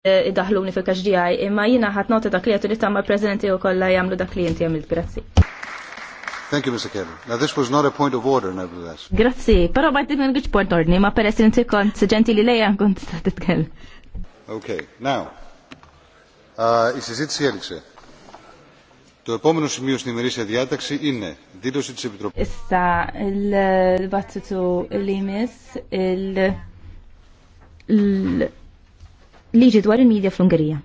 Eh, id-daħluni fil-kaxdijaj, imma jina ħat noti dak li għatu li tamma prezidenti u kolla jamlu dak li jinti għamilt, grazzi. Thank you, Mr. Kevin. Now, this was not a point of order, nevertheless. Grazzi, pero ma jtibni nġiġ point ordni, ma per inti kont ġentili leja kont ta' titkellem. Okay, now, uh, η συζήτηση Το επόμενο σημείο στην ημερήσια διάταξη είναι δήλωση της Επιτροπής. Στα, il του l liġi dwar il-medja fl-Ungerija.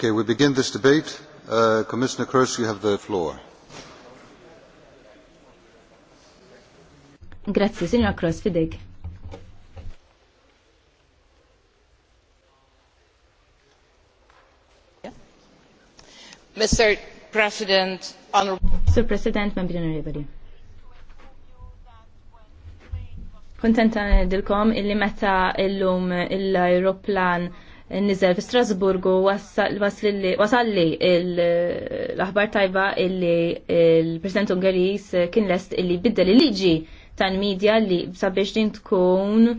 Okay, we begin this debate. Uh, Commissioner Kroes, you have the floor. Grazie, signora Kroes, fideg. Yeah. Mr. President, honorable... Sir President, membri onorevoli. Kontenta nidilkom illi meta illum l-aeroplan nizel fi Strasburgu wasalli l-aħbar tajba illi il-President Ungeris kien lest illi biddel il-liġi tal-medja li sabiex din tkun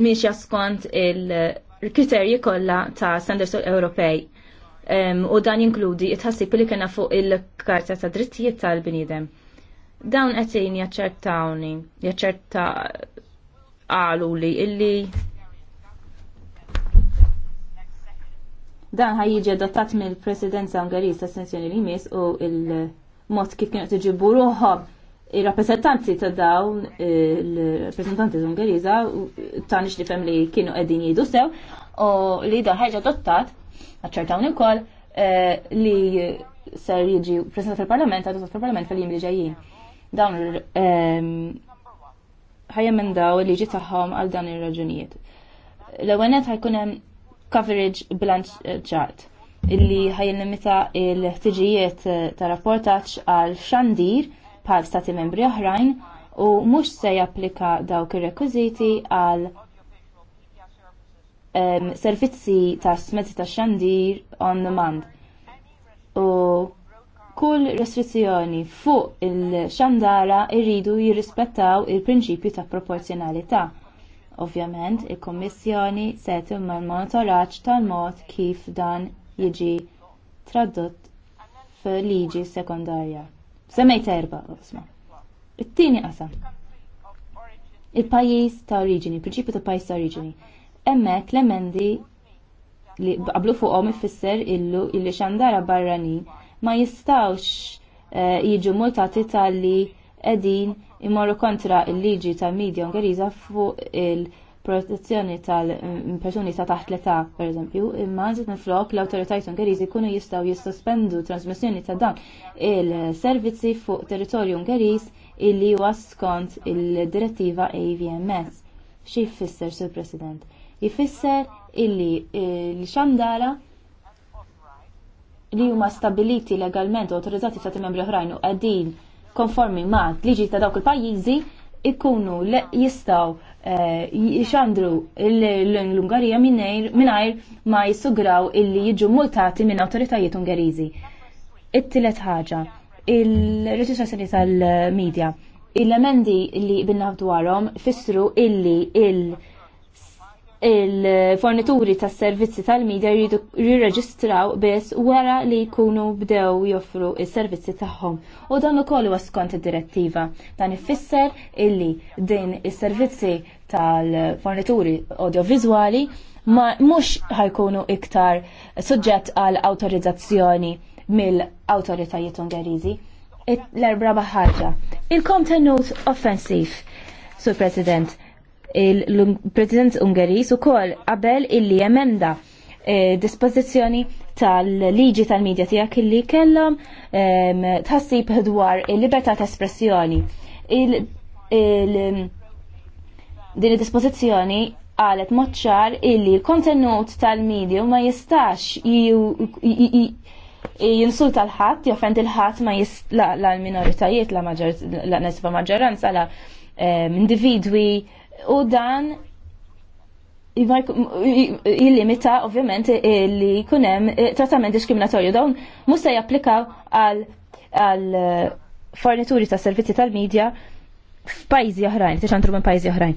miex skont il-kriterji kollha ta' standards Ewropej. U dan jinkludi it-ħassib li kena fuq il-karta ta' drittijiet tal-bnidem. Dawn qed jaċċertawni, jaċċerta qalu li illi Dan ħaj jiġi adottat mill-Presidenza Ungarijs ta' sensjoni li jmiss u il-mod kif kienu tiġibu ruħom il-rappresentanti ta' dawn il-rappresentanti u ta' nix fem li kienu qegħdin jgħidu sew u li dan ħaġa adottat aċċertawn ukoll eh, li ser jiġi presentat fil-Parlament għadottat fil-Parlament fil jim li ġejjin. Dawn eh, daw li liġi tagħhom għal dan ir-raġunijiet. L-ewwel ħajkunem coverage bilanċċat illi ħajlimita il-ħtiġijiet eh, ta' rapportaċ għal xandir bħal stati membri oħrajn u mhux se japplika dawk ir-rekwiżiti għal um, servizzi ta' smetti ta' xandir on demand. U kull restrizzjoni fuq il-xandara irridu jirrispettaw il-prinċipju ta' proporzjonalità. Ovvjament, il-Kommissjoni se timma l-monitoraġġ tal-mod kif dan jiġi tradott fil-liġi sekondarja. Semmejt erba' qosma. It-tieni qasam. Il-pajjiż ta' oriġini, il-prinċipju ta' pajjiż ta' oriġini. Hemmhekk l-emendi li qablu fuqhom ifisser illu illi xandara barranin ma jistgħux eh, jiġu multati tal-li qegħdin imorru kontra il-liġi tal midja Ungeriża fuq il-protezzjoni tal-persuni ta' taħt l-età, pereżempju, imma nżid tinflok l-awtoritajiet Ungeriżi jkunu jistgħu jissospendu trasmissjoni ta' dawn il-servizzi fuq territorju Ungeriż illi huwa skont il-direttiva AVMS. Xi jfisser, Sur President? Jfisser illi l-xandara li huma stabiliti legalment u autorizzati sa' membri oħrajn u qegħdin konformi ma' liġi ta' dawk il-pajjiżi ikunu jistaw eh, jixandru l-Ungarija minnajr ma jissugraw illi jiġu multati minn autoritajiet ungarizi. it tillet ħaġa, il-reġistrazzjoni tal-medja. Il-emendi li binnaħdu għarom fissru illi il- il-fornituri tas servizzi tal-medja jridu jirreġistraw biss wara li jkunu bdew joffru is-servizzi tagħhom. U dan ukoll huwa skont id-direttiva. Dan ifisser illi din is-servizzi tal-fornituri audiovizwali ma mhux ħajkunu iktar suġġett għal awtorizzazzjoni mill-awtoritajiet Ungeriżi. L-erbra ħaġa. il kontenut offensiv, Sur President, il-President Ungeris ukoll qabel illi emenda eh, dispożizzjoni tal-liġi tal-medja tiegħek illi kellom tħassib dwar il-libertà ta' espressjoni. Din id-dispożizzjoni qalet moċċar illi kontenut tal-medju ma jistax jinsulta tal ħadd joffend il-ħadd ma la l-minoritajiet, la maġġoranza, la individwi u dan iva- jillimita ovvjament e, li kunem e, trattament diskriminatorju dawn musta japplikaw għal għal e, fornituri ta' servizzi tal-medja f'pajzi oħrajn, t minn pajzi oħrajn.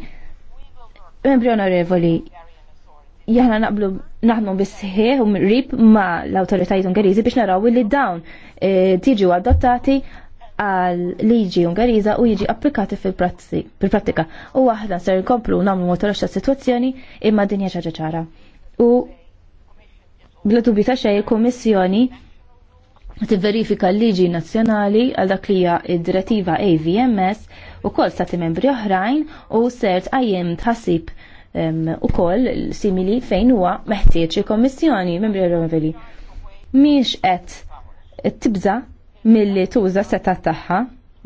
Membri onorevoli, jahna naqblu naħdmu bisħi u rib ma l autoritajt ungerizi biex naraw li dawn tiġi adottati għal liġi Ungariża u jiġi applikati fil-prattika. U aħna ser nkomplu nagħmlu motorox tas-sitwazzjoni imma dinja ċaġa ċara. U bla dubju ta' xej il-Kummissjoni tivverifika l-liġi nazzjonali għal dak li hija id-direttiva AVMS u kol stati membri oħrajn u sert għajjem tħassib u kol simili fejn huwa meħtieġ il komissjoni membri onorevoli. Miex qed tibża milli tuża seta tagħha,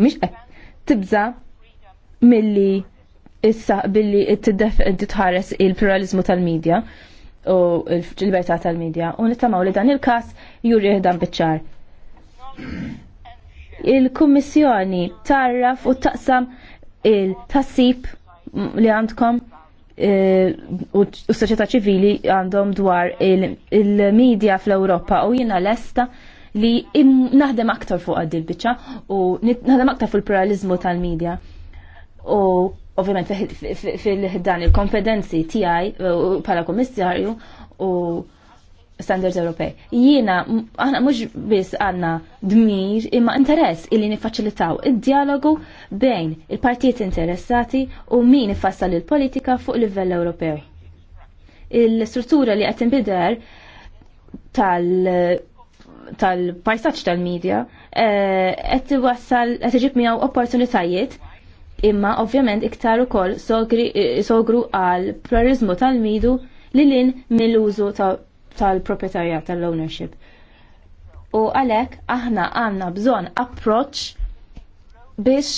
mhix tibza tibża milli issa billi titħares il-pluralizmu tal-medja u l-libertà tal-medja u nittamaw li dan il-każ juri dan biċ-ċar. Il-Kummissjoni tarraf u taqsam il-tassib li għandkom eh, u s-soċjetà ċivili għandhom dwar il-medja fl-Ewropa u l-esta li naħdem aktar fuq għad il-bicċa u naħdem aktar fuq il-pluralizmu tal-medja. U ovvjament fil-ħdan il-kompetenzi tiegħi bħala komissarju u standards Ewropej. Jiena, aħna mhux biss għandna dmir imma interess illi nifacilitaw id-dialogu bejn il-partijiet interessati u min ifassal il-politika fuq livell Ewropew. Il-struttura li qed inbidher tal- tal-pajsaċ tal-medja eh, qed iwassal qed ġib miegħu opportunitajiet imma ovvjament iktar ukoll eh, sogru għal pluralizmu tal-midu li l-in mill-użu tal-proprjetarja tal-ownership. U għalhekk aħna għandna bżonn approċċ biex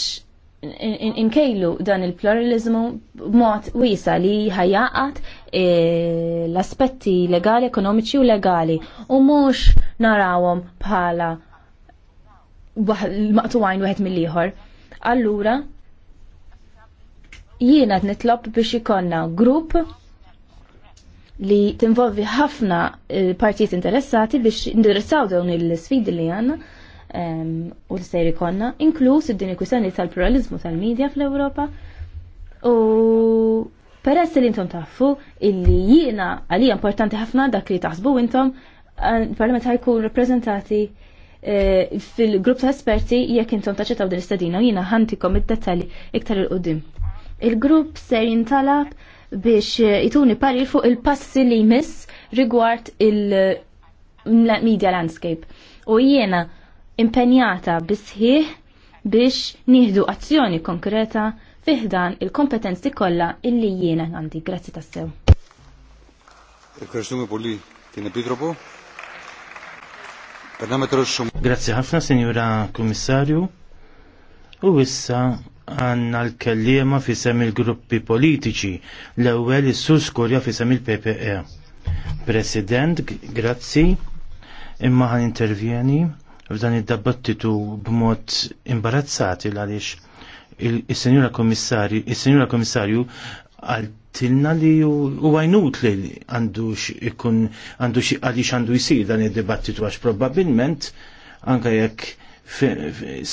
inkejlu dan il-pluralizmu b'mod wiesa li ħajaqat E, l-aspetti legali, ekonomiċi u legali u mhux narawhom bħala għajn wieħed mill-ieħor. Allura jiena nitlob biex ikonna grupp li tinvolvi ħafna e, partijiet interessati biex indirizzaw dawn il-sfidi li għanna u l-sejri konna, inkluż id-dini kwistjoni tal-pluralizmu tal-medja fl-Ewropa u Peress li intom tafu illi jiena għalija importanti ħafna dak li taħsbu intom parlament ħajku rappreżentati eh, fil-grupp ta' esperti jekk intom taċċettaw din istadina u jiena ħantikom id-dettalji iktar il-qudiem. Il-grupp se jintalab biex eh, jituni pari fuq il-passi li jmiss rigward il-media landscape. U jiena impenjata bisħiħ biex nieħdu azzjoni konkreta fiħdan il-kompetenzi kollha illi jiena għandi. Grazzi tassew. Ευχαριστούμε Grazie ħafna, Signora Kummissarju. U issa għanna l-kellima fi sem il-gruppi politiċi l-ewwel is-Sur Skurja fi sem il-PPE. President, grazzi, imma għan intervjeni f'dan id-dabattitu b'mod imbarazzati għaliex il-senjura komissarju, il-senjura komissarju għaltilna li u għajnut li għandu ikun għandu għalix għandu jisir dan il-dibattitu għax probabilment anka jekk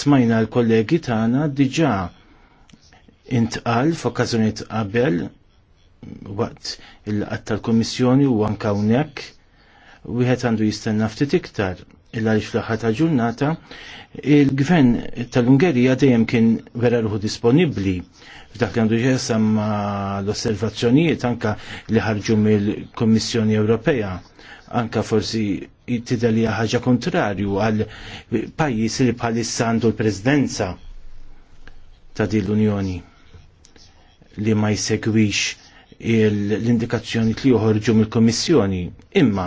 smajna l-kollegi tagħna diġà intqal f'okkażjonijiet qabel waqt il-qatt tal-Kummissjoni u anka hawnhekk wieħed għandu jistenna ftit iktar il-għalix fl-ħat ġurnata, il-gvern tal-Ungerija dejjem kien vera ruħu disponibli f'dak li għandu ġesam l-osservazzjonijiet anka li ħarġu mill-Kommissjoni Ewropea, anka forsi tidali ħaġa kontrarju għal pajis li bħalissa għandu l-presidenza ta' din l-Unjoni li ma jsegwix l-indikazzjoni li joħorġu mill-Kommissjoni. Imma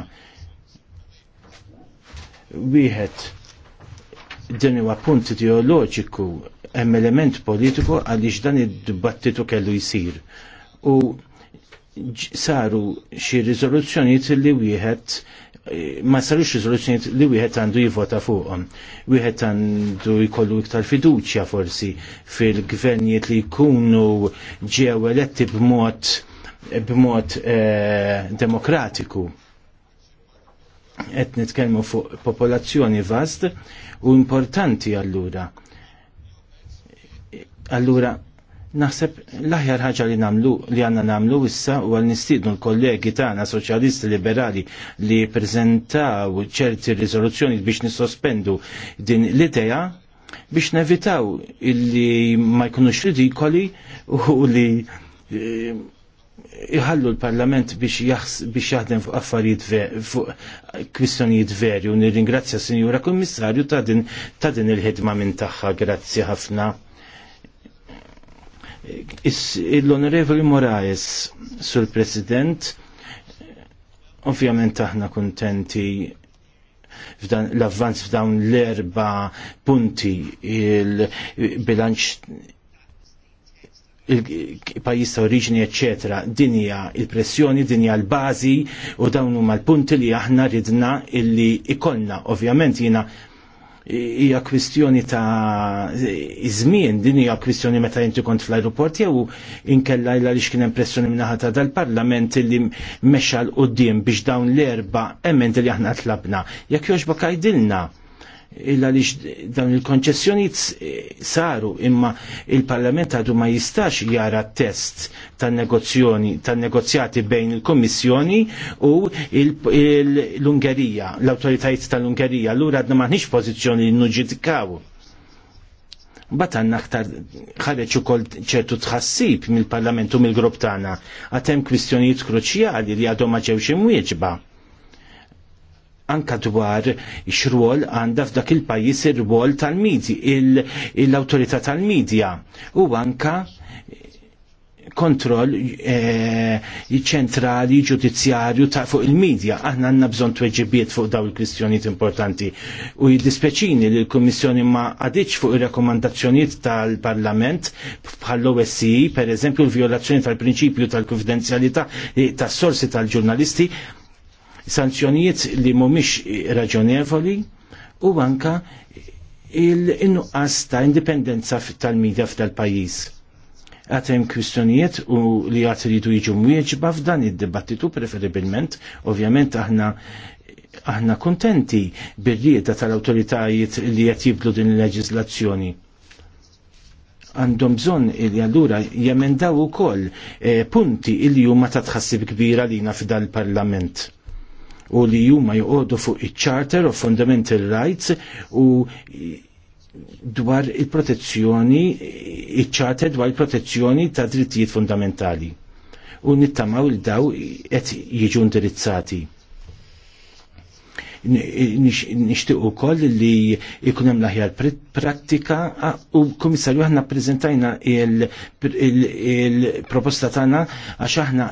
wieħed din huwa punt ideoloġiku hemm element politiku għaliex dan id-dibattitu kellu jsir. U saru xi riżoluzzjonijiet li wieħed eh, ma sarux riżoluzzjonijiet li wieħed għandu jivota fuqhom. Wieħed għandu jkollu iktar fiduċja forsi fil-gvernijiet li jkunu ġew eletti b'mod b'mod eh, demokratiku qed nitkellmu fuq popolazzjoni vast u importanti allura. Allura naħseb l-aħjar ħaġa li namlu li għanna namlu issa u għal nistidnu l-kollegi tagħna soċjalisti liberali li preżentaw ċerti riżoluzzjoni biex nissospendu din l-idea biex nevitaw illi ma jkunux ridikoli u li eh, iħallu l-Parlament biex biex jaħdem fuq affarijiet fuq kwistjonijiet veri u nirringrazzja Sinjura Kummissarju ta' din ta' din il-ħidma minn tagħha grazzi ħafna. L-Onorevoli Moraes, sur President, ovvjament aħna kuntenti l-avvanz f'dawn l-erba punti il-bilanċ il-pajis ta' oriġini, eccetera, dinja il-pressjoni, dinja l-bazi u dawn huma l-punti li aħna ridna illi ikolna. Ovvjament jina hija kwistjoni ta' żmien, din hija kwistjoni meta inti kont fl-aeroport jew inkella illa li xkien impressjoni minnaħa ta' dal-parlament illi mexxa l-qudiem biex dawn l-erba' emment li aħna tlabna. Jekk jogħġbok għajdilna illa li dan il-konċessjoni saru imma il-Parlament għadu ma jistax jara test tan negozjoni tan negozjati bejn il-Kommissjoni u l-Ungerija, l ta' tal-Ungerija, l-ura għadna maħniċ pozizjoni li nuġidikaw. Batanna aktar ħareċ ukoll ċertu tħassib mill-Parlament u mill-grupp tagħna għatem kwistjonijiet kruċjali li għadhom ma ġewx imwieġba anka dwar x-rwol għandha f'dak il-pajjiż ir-rwol tal-medji, l-awtorità tal-medja u anka kontroll eh, ċentrali ġudizzjarju ta' fuq il-medja. Aħna għanna bżon tweġibiet fuq daw il kristjoniet importanti. U jiddispeċini li l-Kommissjoni ma għadiċ fuq il-rekomandazzjoniet tal-Parlament bħall osi e, per eżempju, l-violazzjoni tal-prinċipju tal-konfidenzjalità eh, tas-sorsi tal-ġurnalisti sanzjonijiet li mhumiex raġonevoli u anka il-nuqqas ta' indipendenza tal-medja ftal pajjiż Għatem kwistjonijiet u li għat ridu jiġu mwieġba f'dan id-dibattitu preferibilment, ovvjament aħna aħna kontenti bil rieda tal-autoritajiet li qed jiblu din il-leġislazzjoni għandhom bżonn li allura jemendaw ukoll eh, punti li huma ta' tħassib kbira lina f'dal parlament u li juma joqogħdu fuq iċ-Charter of Fundamental Rights u dwar il-protezzjoni, iċ-Charter dwar il-protezzjoni ta' drittijiet fundamentali. U nittamaw il-daw qed jiġu indirizzati u ukoll li jkun hemm l-aħjar prattika u komissarju aħna ppreżentajna il-proposta tagħna għax aħna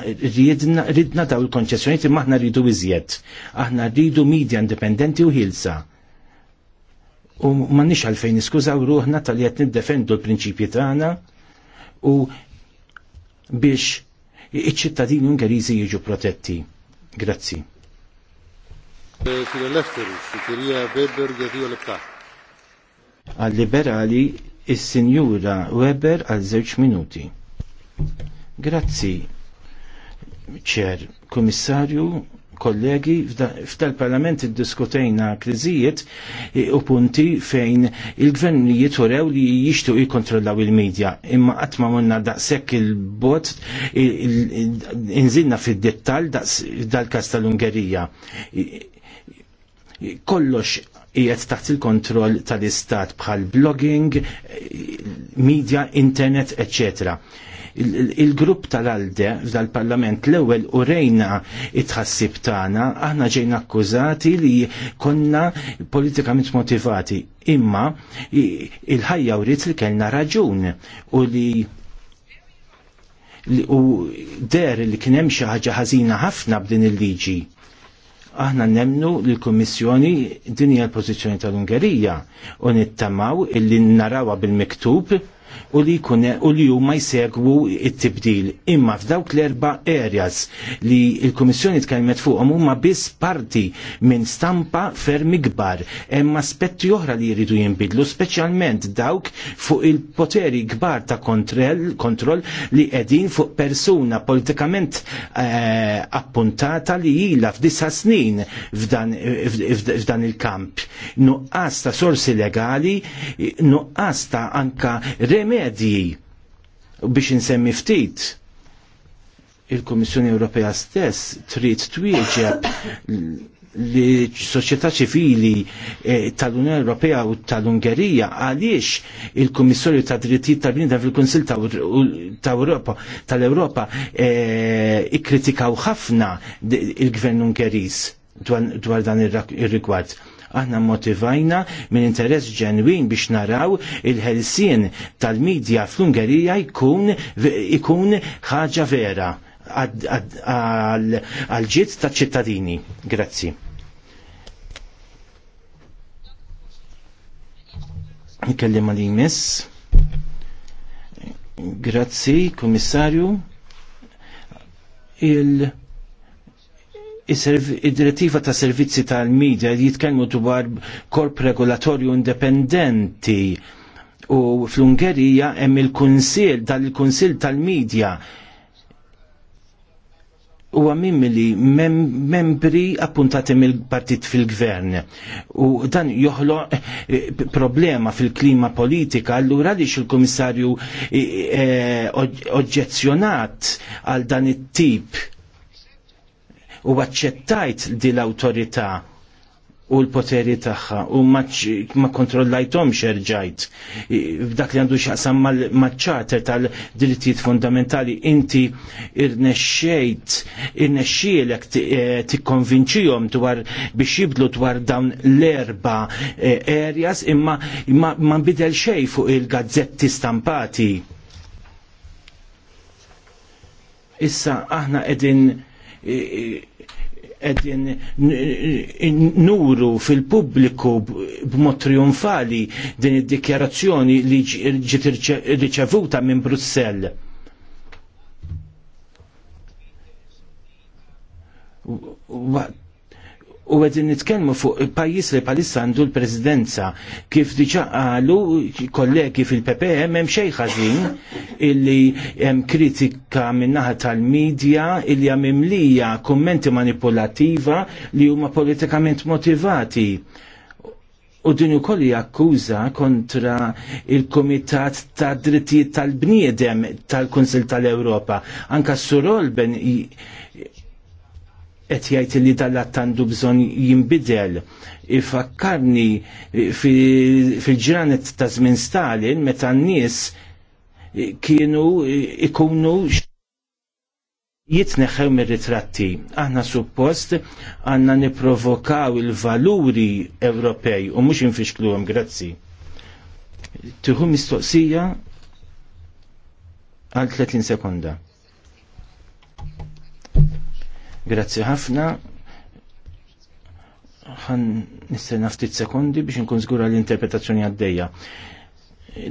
ridna daw il konċessjoniet imma aħna rridu iżjed. Aħna rridu media indipendenti u ħilsa. U m'għandniex għalfejn u ruħna tal qed niddefendu l-prinċipji tagħna u biex iċ-ċittadini Ungeriżi jiġu protetti. Grazzi. Eh, Għal-liberali, il-Sinjura Weber għal żewġ minuti. Grazzi, ċer, komissarju, kollegi, f'tal-parlament id-diskutejna kriżijiet e, u punti fejn il-gvernijiet urew li jixtu jikontrollaw il-medja. Imma għatma munna daqsek il-bot inżinna fil-dettal dal kasta tal-Ungerija kollox qiegħed taħt il-kontroll tal-istat bħal blogging, media, internet, etc. Il-grupp tal-Alde dal-Parlament l-ewwel u rejna it-ħassib tagħna, aħna ġejna akkużati li konna politikament motivati. Imma il-ħajja u li kellna raġun u li u der li kienem xi ħaġa ħażina ħafna b'din il-liġi aħna nemnu li l-Kummissjoni din hija l pozizjoni tal-Ungerija u nittamaw illi narawa bil-miktub u li jkun u li huma jsegwu it-tibdil. Imma f'dawk l-erba areas li l-Kummissjoni tkellmet fuqhom huma biss parti minn stampa fermi kbar. Hemm aspetti oħra li jridu jinbidlu, speċjalment dawk fuq il-poteri kbar ta' kontroll kontroll li qegħdin fuq persuna politikament eh, appuntata li ilha f'disa snin f'dan il-kamp. Nuqqas ta' sorsi legali, nuqqas ta' anka remedji biex insemmi ftit il-Komissjoni Ewropea stess trid twieġeb li soċjetà ċivili eh, tal-Unjoni Ewropea u tal-Ungerija għaliex il-Kummissarju ta' Drittijiet tal bnidem fil kunsill ta' Ewropa tal-Ewropa eh, ikkritikaw ħafna il-Gvern Ungeriż dwar dan ir-rigward. Aħna motivajna minn interess ġenwin biex naraw il-ħelsien tal-medja fl-Ungerija jkun, jkun ħaġa vera għal ġiet ta' ċittadini. Grazzi. Nikellim għal mis Grazzi, komissarju. Il- id-direttiva ta' servizzi tal-medja jitkellmu dwar korp regolatorju indipendenti u fl-Ungerija hemm il-Kunsil il kunsil tal-Midja u għamim li mem membri appuntati mill-partit fil-gvern u dan joħlo eh, problema fil-klima politika allura li il-komissarju eh, eh, oġġezzjonat għal dan it-tip u aċċettajt di l-autorità u l-poteri tagħha u ma kontrollajtom xerġajt f'dak li għandu xaqsam maċ tal-drittijiet fundamentali inti irnexxejt irnexxielek eh, tikkonvinċihom dwar biex jibdlu dwar dawn l-erba eh, areas imma ma nbidel xej fuq il-gazzetti stampati. Issa aħna qegħdin edin nuru fil-pubbliku b'mod trionfali din id-dikjarazzjoni li ġiet riċevuta minn Brussell. Waqt u għedin nitkelmu fuq il-pajis li palissa għandu l-presidenza kif diċa għalu kollegi fil-PPM e, hemm xej ħażin illi hemm kritika minnaħa tal-medja illi hemm imlija kummenti manipolattiva li huma politikament motivati. U din ukoll hija akkuża kontra il-Kumitat ta' Drittijiet tal-Bniedem tal-Kunsil tal-Ewropa. Anka ben qed jgħid li dal-att għandu bżonn jinbidel. Ifakkarni fil-ġranet ta' żmien Stalin meta n-nies kienu ikunu jitneħħew mir-ritratti. Aħna suppost għandna nipprovokaw il-valuri Ewropej u mhux infixkluhom, grazzi. Tiħu mistoqsija għal 30 sekonda. Grazzi ħafna. Ħan nistenna ftit sekundi biex nkun żgura l-interpretazzjoni għaddejja.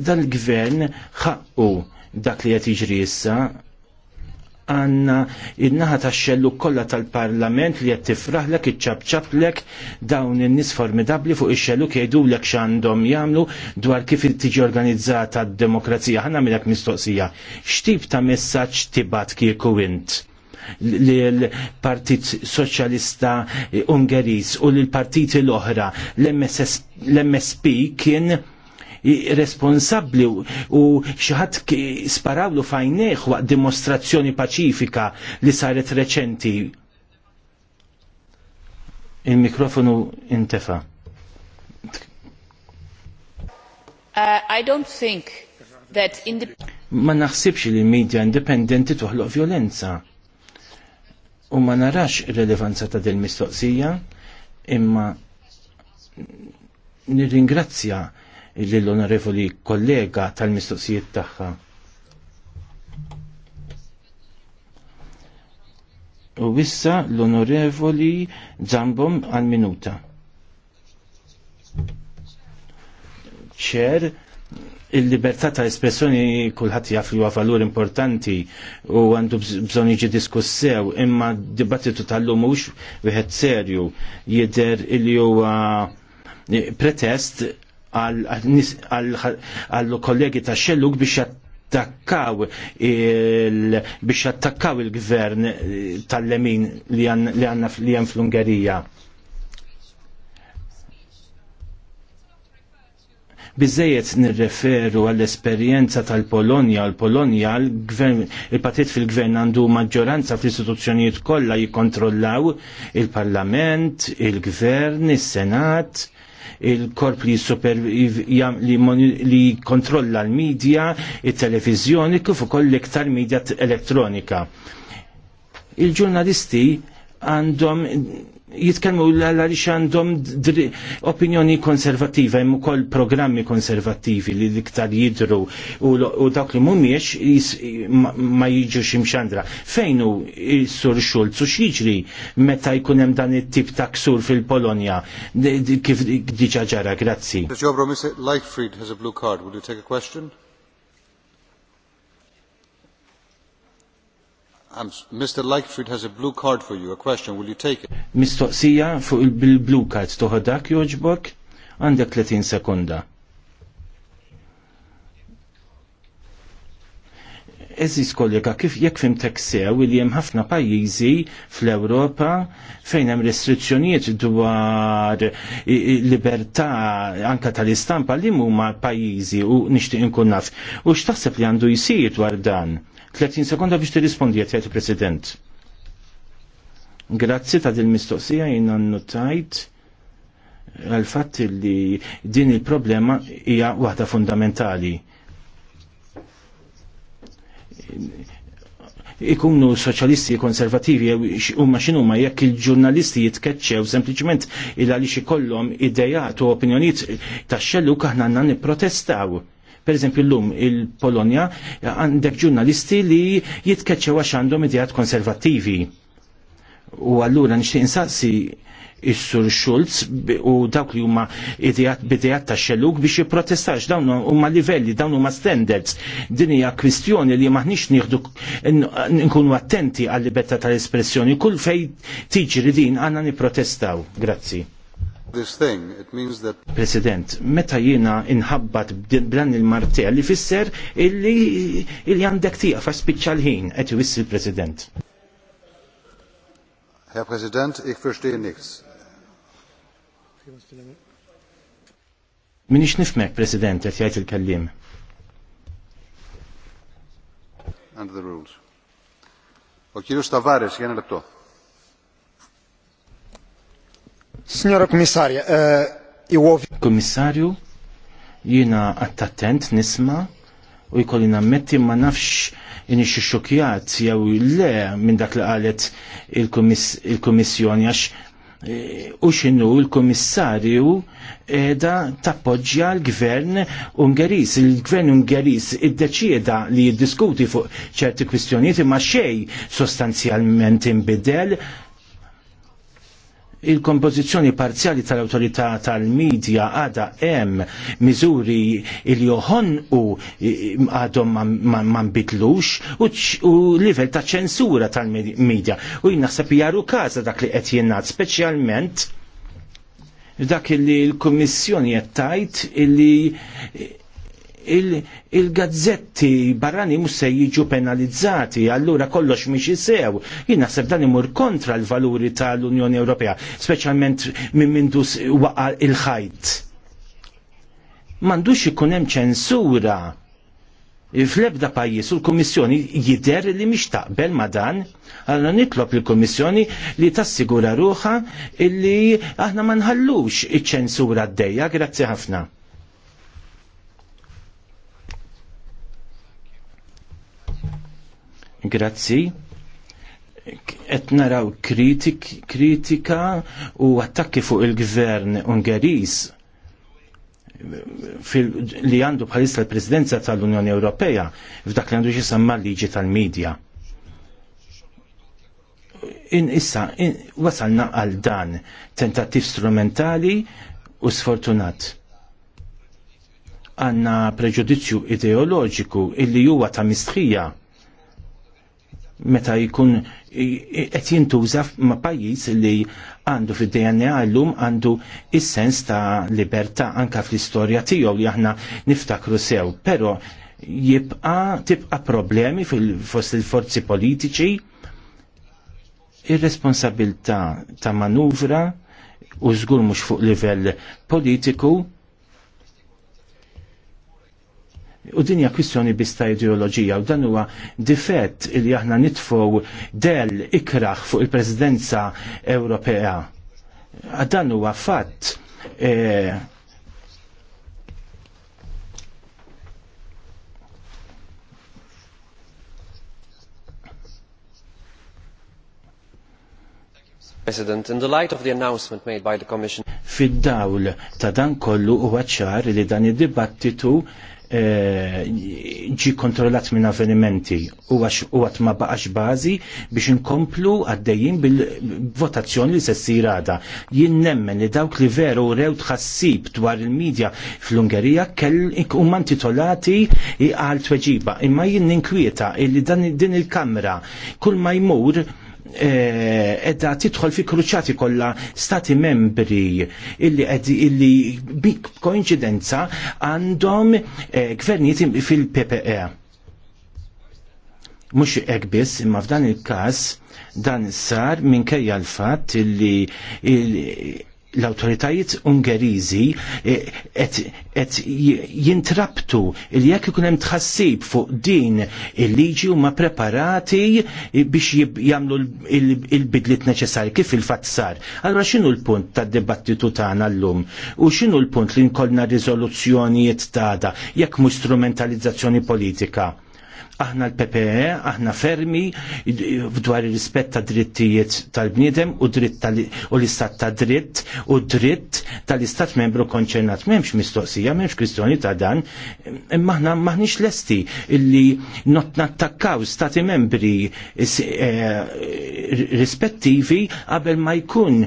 Dan il-gvern ħaqqu dak li qed jiġri issa għanna il-naħa ta' xellu kolla tal-parlament li jattifraħ l-ek iċċabċab l dawn il-nis formidabli fuq ix kiedu l-ek xandom jamlu dwar kif tiġi organizzata d-demokrazija. ħana mill mistoqsija. Xtib ta' messaċ tibat kieku int? li l-Partit Soċjalista Ungeris u l-partiti l-oħra l-MSP kien responsabli u xaħat sparawlu fajneħ waq dimostrazzjoni paċifika li saret reċenti. Il-mikrofonu intefa. Uh, I don't think that in the... Ma naħsibx li l-medja indipendenti toħloq violenza u ma narax ir-relevanza ta' din mistoqsija imma nirringrazzja lill-onorevoli kollega tal-mistoqsijiet tagħha. U wissa l-onorevoli Zambom għal minuta. ċer il-libertà ta' espressjoni kulħadd jaf li huwa valur importanti u għandu bżonn jiġi diskussew imma dibattitu tal-lum mhux wieħed serju jidher li huwa pretest għall kollegi ta' xelluk biex jattakkaw biex jattakkaw il-gvern tal-lemin li għanna fl-Ungerija. Bizzejiet nirreferu għall-esperjenza tal-Polonja, l-Polonja, il-patit fil-gvern għandu maġġoranza fl-istituzzjonijiet kollha jikkontrollaw il-Parlament, il-Gvern, is-Senat, il-korp li super li kontrolla l-medja, il-televizjoni, kif ukoll l-iktar medja elettronika. Il-ġurnalisti għandhom jitkellmu li għandhom opinjoni konservattiva, hemm ukoll programmi konservattivi li liktar jidru u dak li mhumiex ma jiġux ximxandra. Fejn hu sur xulz u x'jiġri meta jkun hemm dan it-tip ta' ksur fil-Polonja kif diġà ġara, grazzi. Mr. Jobro, Mr. Lightfried has a blue card. Would you take a question? Mr. Lightfried has a blue card for you, a question, will you take it? Mistoqsija fuq il-blue card toħodak joġbok għandek 30 sekonda. Eżis kollega, kif jekk fimtek sew li ħafna pajjiżi fl-Ewropa fejn hemm restrizzjonijiet dwar libertà anka tal-istampa li huma pajjiżi u nixtieq inkun naf. U x'taħseb li għandu jsir dwar dan? 30 sekonda biex tirrispondi qed jgħid president Grazzi ta' din mistoqsija jien annotajt għal-fatt li din il-problema hija waħda fundamentali. Ikunu soċjalisti konservativi huma maċinu ma jekk il-ġurnalisti jitkeċċew sempliċement il għalix ikollhom idejat u opinjonijiet tax-xellu aħna għandna nipprotestaw. protestaw Per eżempju l-lum il-Polonja għandek ġurnalisti li jitkeċċew għax għandhom idejat konservattivi. U allura nixtieq insaqsi is-Sur Schulz u dawk li huma bidejat ta' xelluk biex jipprotestax dawn huma livelli, dawn huma standards. Din hija kwistjoni li maħniex nieħdu nkunu attenti għall libertà tal-espressjoni kull fej tiġri din għandna nipprotestaw. Grazzi. That... President, meta jiena inħabbat b'dan il-martel li fisser illi illi għandek tieqa fa' spiċċa l-ħin qed iwissi President. Herr Präsident, ich verstehe nichts. Minix nifmek, President, qed jgħid il-kellim. Under the rules. Ο κύριος Σταβάρες, για ένα λεπτό. Signora Komissarja, uh, eh, Komissarju, jina attent nisma' u jkolli nammetti ma nafx inni xi xokjat jew le minn dak li qalet il-Kummissjoni għax eh, u xinu il-Kummissarju edha tappoġġja l-Gvern Ungeris. Il-Gvern Ungeris iddeċieda li jiddiskuti fuq ċerti kwistjonijiet imma xej sostanzjalment imbidel il-kompożizzjoni parzjali tal-autorità tal-medja għada hemm miżuri li joħon u għadhom ma nbidlux u livell ta' ċensura tal-medja. U jnaħseb jaru kaza dak li qed jingħad speċjalment dak li l-Kummissjoni qed tajt illi il-gazzetti il barrani mhux se jiġu penalizzati, allura kollox miex jisew. Jien naħseb dan imur kontra l-valuri tal-Unjoni Ewropea, speċjalment minn mindus waqa il-ħajt. M'għandux ikun hemm ċensura fl-ebda pajjiż u l-Kummissjoni jidher li mhix taqbel ma dan, allora nitlob lill-Kummissjoni li tassigura ruħa illi aħna ma nħallux iċ-ċensura għaddejja, grazzi ħafna. Grazzi. Qed naraw kritik, kritika u attakki fuq il-gvern Ungeriż li għandu bħalissa l-Presidenza tal-Unjoni Ewropea f'dak li għandu xisamma liġi tal-medja. In issa, in, wasalna għal dan tentattiv strumentali u sfortunat. Għanna preġudizzju ideoloġiku illi huwa ta' mistħija meta jkun qed jintuża ma' pajjiż li għandu fid-DNA llum għandu is-sens ta' libertà anka fl-istorja tiegħu li aħna niftakru sew, però jibqa' tibqa' problemi fil fost il-forzi politiċi ir-responsabilità ta' manuvra u żgur mhux fuq livell politiku U din hija kwistjoni biss ta' ideoloġija u dan huwa difett li aħna nitfgħu del ikraħ fuq il-Presidenza Ewropea. Dan huwa fatt e, President, in the light of the announcement made by the Commission. Fid-dawl ta' dan kollu huwa ċar li dan id-dibattitu Eh, ġi kontrollat minn avvenimenti u għat ma baqax bazi biex inkomplu għaddejjin bil-votazzjoni li sessir għada. Jien nemmen li dawk li veru rew tħassib dwar il-medja fl-Ungerija kell umman titolati għal tweġiba. Imma jien ninkwieta illi dan din il-kamra kull ma jmur Eh, edda tidħol fi kruċati kollha stati membri illi illi bi koincidenza għandhom eh, gvernijiet fil-PPE. Mux ekbis, imma f'dan il-kas dan sar minkejja l-fatt illi l-autoritajiet ungerizi e, et jintrabtu li jekk ikun hemm tħassib fuq din il-liġi huma preparati biex jagħmlu il-bidliet neċessarji kif il-fatt sar. Allura x'inhu l-punt tad-dibattitu tagħna llum u x'inhu l-punt li nkollna riżoluzzjonijiet tagħda jekk mhux strumentalizzazzjoni politika aħna l-PPE, aħna fermi dwar ir-rispett ta' drittijiet tal-bniedem u dritt u l-istat ta' dritt u dritt tal-istat membru konċernat. M'hemmx mistoqsija, m'hemmx kwistjoni ta' dan, imma aħna maħniex lesti illi not nattakkaw stati membri eh, rispettivi qabel ma jkun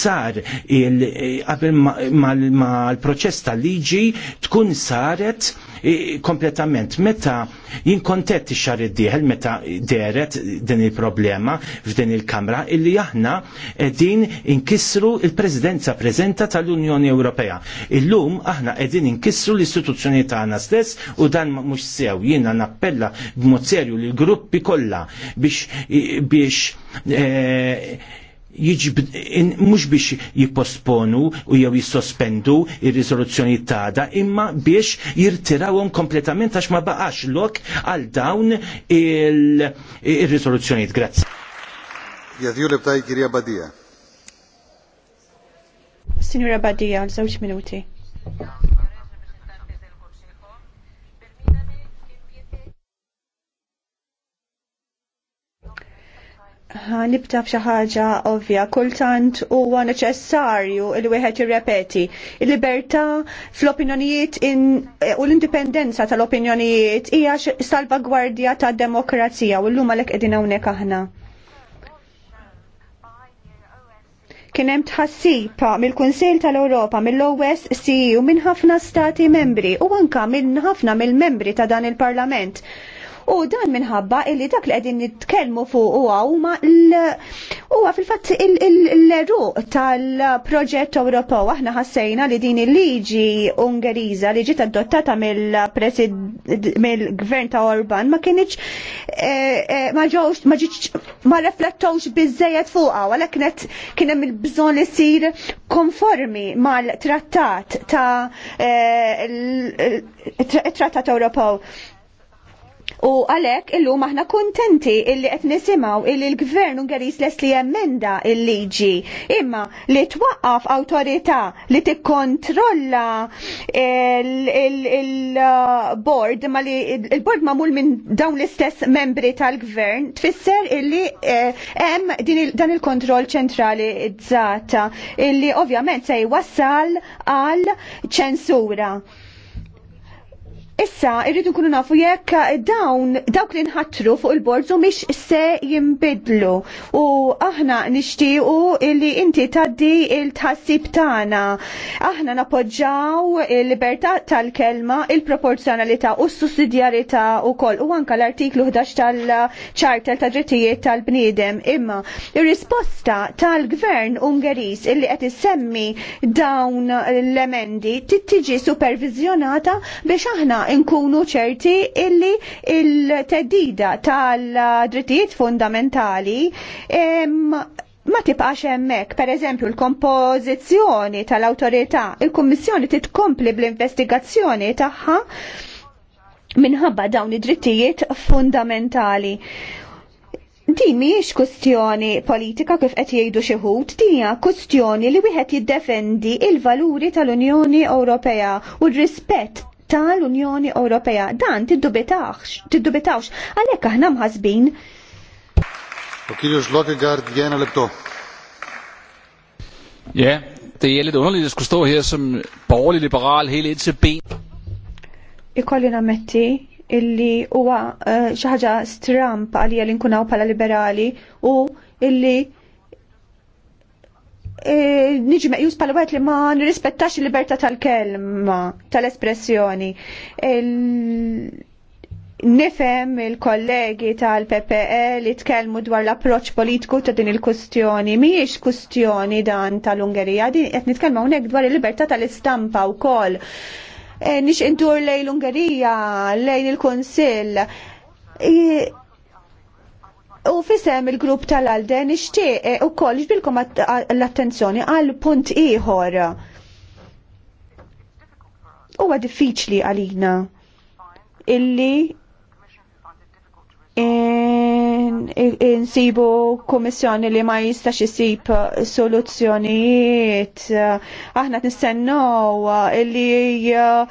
sar qabel ma l-proċess tal-liġi tkun saret kompletament. Meta jinkontet ix-xar id-dieħel meta deret din il-problema f'din il-Kamra illi aħna qegħdin inkissru il-Presidenza preżenta tal-Unjoni Ewropea. Illum aħna qegħdin inkissru l-istituzzjoni tagħna stess u dan mhux sew jiena nappella b'mod serju lill-gruppi kollha biex biex eh, mhux biex jipposponu u jew jissospendu ir-riżoluzzjoni tada, imma biex jirtirawhom kompletament għax ma baqax lok għal dawn ir-riżoluzzjonijiet. Grazzi. Jadju li btaj kirja Badija. Signora Badija, żewġ minuti. nibta f'xi ħaġa ovvja, kultant huwa neċessarju li wieħed jirrepeti. Il-libertà fl-opinjonijiet u l-indipendenza tal-opinjonijiet hija salvagwardja tad-demokrazija u llum għalhekk qegħdin hawnhekk aħna. Kien hemm tħassib mill-Kunsil tal-Ewropa, mill-OSCE u minn ħafna stati membri u anke minn ħafna mill-membri ta' dan il-Parlament u dan minħabba illi dak li qegħdin nitkellmu fuq huwa huma huwa fil-fatt l-eruq tal-proġett Ewropew aħna ħassejna li din il-liġi Ungeriża li ġiet adottata mill-gvern ta' Orban ma kienx eh, eh, ma ġewx ma ġietx ma biżejjed fuqha għalhekk qed kien hemm il-bżonn li sir konformi mal-trattat ta' eh, trattat Ewropew U għalek illum aħna kontenti illi qed nisimgħu illi l-Gvern Ungeris les li jemmenda il-liġi imma li twaqqaf awtorità li tikkontrolla il-board uh, ma li il-board mamul minn dawn l-istess membri tal-Gvern tfisser illi eh, hemm dan il-kontroll ċentralizzata illi ovvjament se jwassal għal ċensura. Issa, irridu nkunu nafu jekk dawn, dawk li nħatru fuq il borzu mhix se jimbidlu. U aħna nixtiequ li inti taddi il-tħassib tagħna. Aħna napoġġaw il-libertà tal-kelma, il-proporzjonalità u s-sussidjarità wkoll u anke l-artiklu 11 tal charter ta' drittijiet tal-bniedem. Imma ir-risposta tal-gvern Ungeriż illi qed issemmi dawn l-emendi tittiġi supervizjonata biex aħna nkunu ċerti illi il teddida tal-drittijiet fundamentali ma tibqax hemmhekk, pereżempju l-kompożizzjoni tal-awtorità, il-Kummissjoni titkompli bl-investigazzjoni tagħha minħabba dawn id-drittijiet fundamentali. Din mhijiex kustjoni politika kif qed jgħidu xi ħud, hija kustjoni li wieħed jiddefendi il-valuri tal-Unjoni Ewropea u r-rispett tal-Unjoni Ewropea. Dan tiddubitawx, tiddubitawx, għalhekk aħna mħazbin. U kienu kirjux għard jena lebto. Ja, ti jeli d-għun li diskustu skulle stå her liberal hele ECB. Ikolli nametti illi huwa eh, xaħġa stramp għalija l-inkunaw pala liberali u illi E, niġi meqjus pal li ma nirrispettax il-libertà tal-kelma, tal-espressjoni. Nifem il-kollegi tal-PPE li tkellmu dwar l-approċ politiku ta' din il-kustjoni. Miex kustjoni dan tal-Ungerija, din qed nitkellmu hawnhekk dwar il-libertà tal-istampa wkoll. E, nix intur lejn l-Ungerija, lejn il-Kunsill. U fisem il-grupp tal-Alde nixtieq eh, u koll l-attenzjoni għal punt ieħor. Huwa diffiċli għalina illi insibu kommissjoni li ma jistax isib soluzzjonijiet. Aħna nistennaw li eh,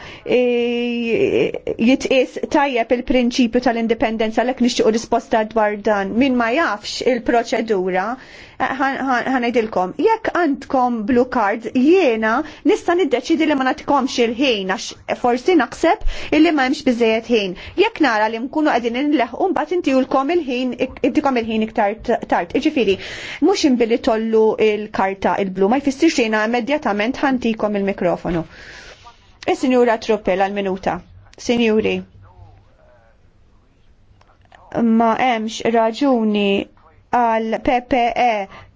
jitqis tajjeb il-prinċipju tal-indipendenza l-ek nixtiequ risposta dwar dan. Min ma jafx il-proċedura ħanajdilkom, jekk għandkom blue card jiena nista' niddeċidi li ma nagħtikomx il-ħin għax forsi naħseb illi ma hemmx bizzejet ħin. Jekk nara li nkunu qegħdin u mbagħad intihulkom il-ħin intikom il-ħin iktar tard. Iġifiri, mhux imbili tollu il-karta il-blu, ma jfissirx xina immedjatament ħantikom il-mikrofonu. Is-Sinjura Truppel għal-minuta. Sinjuri ma hemmx raġuni għal PPE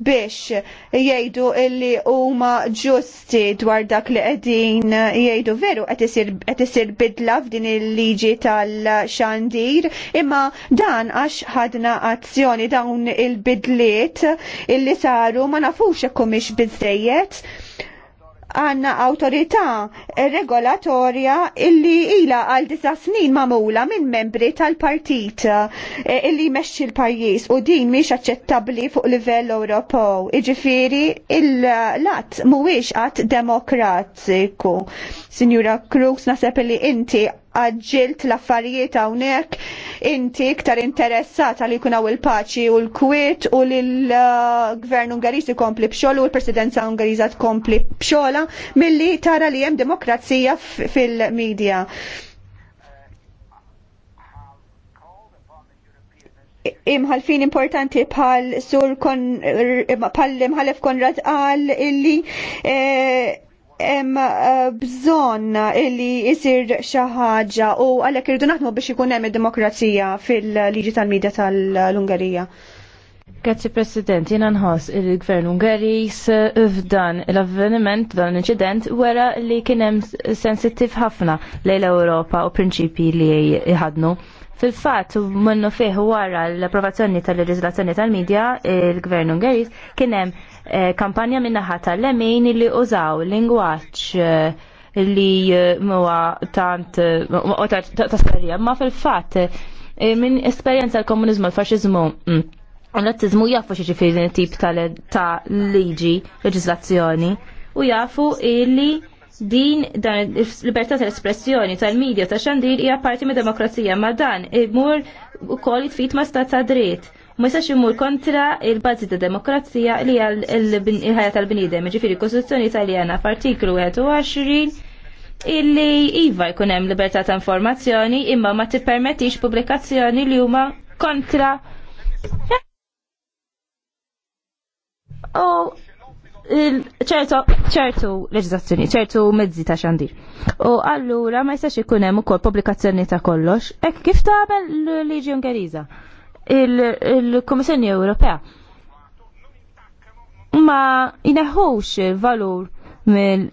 biex jgħidu illi huma ġusti dwar dak li qegħdin jgħidu veru qed isir bidla f'din il-liġi tal-xandir imma dan għax ħadna azzjoni dawn il-bidliet illi saru ma nafux hekk mhix biżejjed għanna autorità regolatorja illi ila għal disa snin mamula minn membri tal-partit eh, illi meċċi l-pajis u din miex aċċettabli fuq livell Ewropew. Iġifiri il-lat muwix għat demokratiku. Signora Cruz, nasab li inti għagġilt l-affarijiet hawnhekk, inti iktar interessata li jkun il-paċi u l-kwiet u l-gvern Ungariż ikompli bxol u l-presidenza Ungariża tkompli bxola milli tara li hemm demokrazija fil-medja. imħalfin importanti bħal sur kon bħal imħalef Konrad qal illi eh, hemm eh, bżonn li jsir xi ħaġa u għalhekk irridu naħdmu biex ikun hemm id-demokrazija fil-liġi tal midja tal-Ungerija. Grazie President, jena nħoss il-Gvern Ungeris eh, f'dan l-avveniment, dan l-inċident, wera li kien hemm sensittiv ħafna lejn l-Ewropa u prinċipji li jħadnu. Fil-fat, minnu fih wara l-approvazzjoni tal-leġislazzjoni tal-medja, il-Gvern Ungeris kien hemm Eh, kampanja ħata tal-lemin li użaw lingwaċ eh, li eh, muwa tant ta' starija, ma fil-fat minn esperienza l-komunizmu, l-fasċizmu, mm, l-nazzizmu jafu xie ġifiri tip ta' liġi, leġislazzjoni, u jafu illi din dan libertà tal-espressjoni tal-medja ta' xandir hija parti mid demokrazija ma' dan imur ukoll it it-fit ma' stat ta' dritt ma jistax imur kontra il bazzi ta' demokrazija li għal ħajja tal-bnidem, ġifiri Kostituzzjoni Italjana f'artiklu 21 illi iva jkun hemm libertà ta' informazzjoni imma ma tippermettix pubblikazzjoni li huma kontra oh. ċertu leġizazzjoni, ċertu mezzi ta' xandir. U allura ma jistax ikun hemm ukoll pubblikazzjoni ta' kollox. Hekk kif tagħmel liġi Ungeriża? il-Komissjoni Ewropea ma jinaħħux valur mill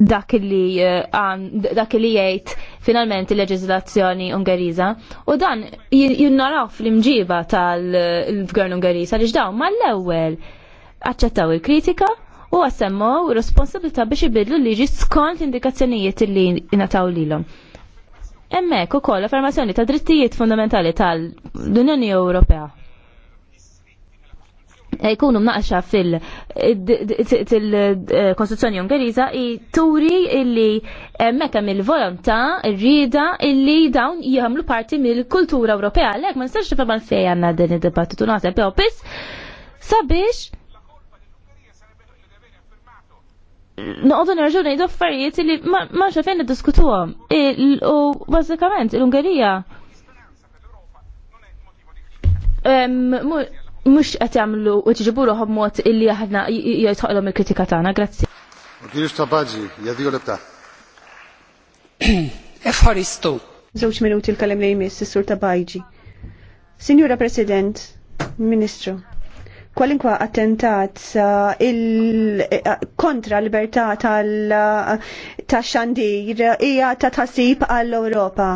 dak li eh, għan, dak li jgħid finalment il-leġizlazzjoni Ungeriża u dan jinnaraw fl-imġiba tal-gvern Ungeriża għaliex dawn l ewwel aċċettaw il-kritika u għassemmu responsabilità biex ibidlu liġi skont indikazzjonijiet li nataw lilhom. Emmek u koll affermazzjoni ta' drittijiet fundamentali tal-Unjoni Ewropea. E jkunu mnaqxa fil-Konstituzzjoni Ungeriża i turi illi hemmhekk hemm il-volontà rrida illi dawn jagħmlu parti mill-kultura Ewropea. Għalhekk ma nistax nifhem fejn għandna din id-dibattitu naħseb jew sabiex noqogħdu nerġgħu nejdu affarijiet li ma xafejn niddiskutuhom. U bazzikament, l-Ungerija Mux qed jagħmlu u tiġibu ruħhom mod illi aħna jgħidħoqlhom il-kritika tagħna. Grazzi. Eħfaristu. Żewġ minuti l-kalem lejn s Sur Tabajġi. Signora President, Ministru, kwalinkwa attentat uh, uh, kontra libertà uh, ta' xandir hija ta' tasib għall europa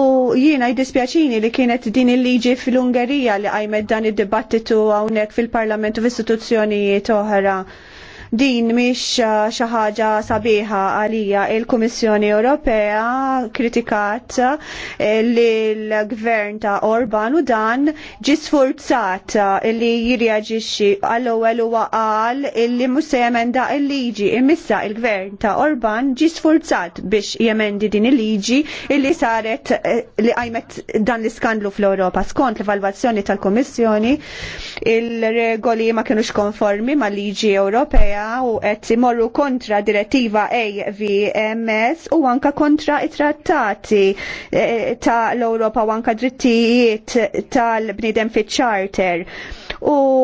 U jiena jdispjaċini li kienet din il-liġi fil-Ungerija li għajmet dan id-dibattitu hawnhekk fil-Parlament u fl-istituzzjonijiet oħra. Din mhix uh, xi ħaġa sabiħa għalija il-Kummissjoni Ewropea kritikat eh, l gvern ta' Orban u dan ġi sfurzat eh, li jirreaġixxi għall-ewwel huwa qal illi mhux se jemenda l-liġi imissa il-gvern ta' Orban ġi sfurzat biex jemendi din il-liġi illi saret eh, li għajmet dan l-iskandlu fl-Ewropa skont l-evalwazzjoni tal-Kummissjoni il-regoli ma kienux konformi mal-liġi Ewropea Ewropea u qed imorru kontra direttiva AVMS u anka kontra it-trattati eh, ta' l-Ewropa u anka drittijiet tal-bniedem fiċ-charter u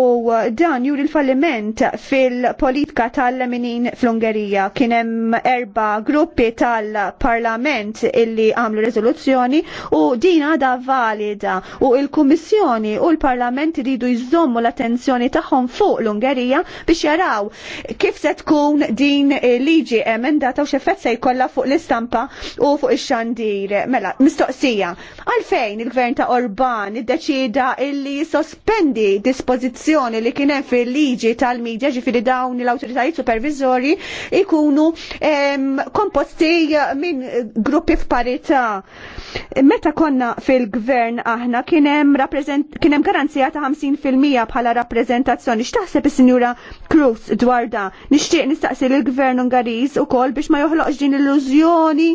dan juri l-falliment fil-politika tal-leminin fl-Ungerija. Kienem erba gruppi tal-parlament illi għamlu rezoluzzjoni u din għada valida u il-Kummissjoni u l-Parlament ridu jżommu l-attenzjoni tagħhom fuq l-Ungerija biex jaraw kif se tkun din liġi emendata u xeffet se jkollha fuq l-istampa u fuq ix-xandir. Mela, mistoqsija, għalfejn il-gvern ta' Orban iddeċida illi sospendi disp dispożizzjoni li kien hemm fil-liġi tal-medja ġifieri dawn l-awtoritajiet supervizori ikunu komposti eh, minn gruppi f'parità. Meta konna fil-gvern aħna kien hemm garanzija ta' 50% bħala rappreżentazzjoni. X'taħseb is-Sinjura Cruz dwar da? Nixtieq nistaqsi lill gvern Ungariż ukoll biex ma joħloqx din illużjoni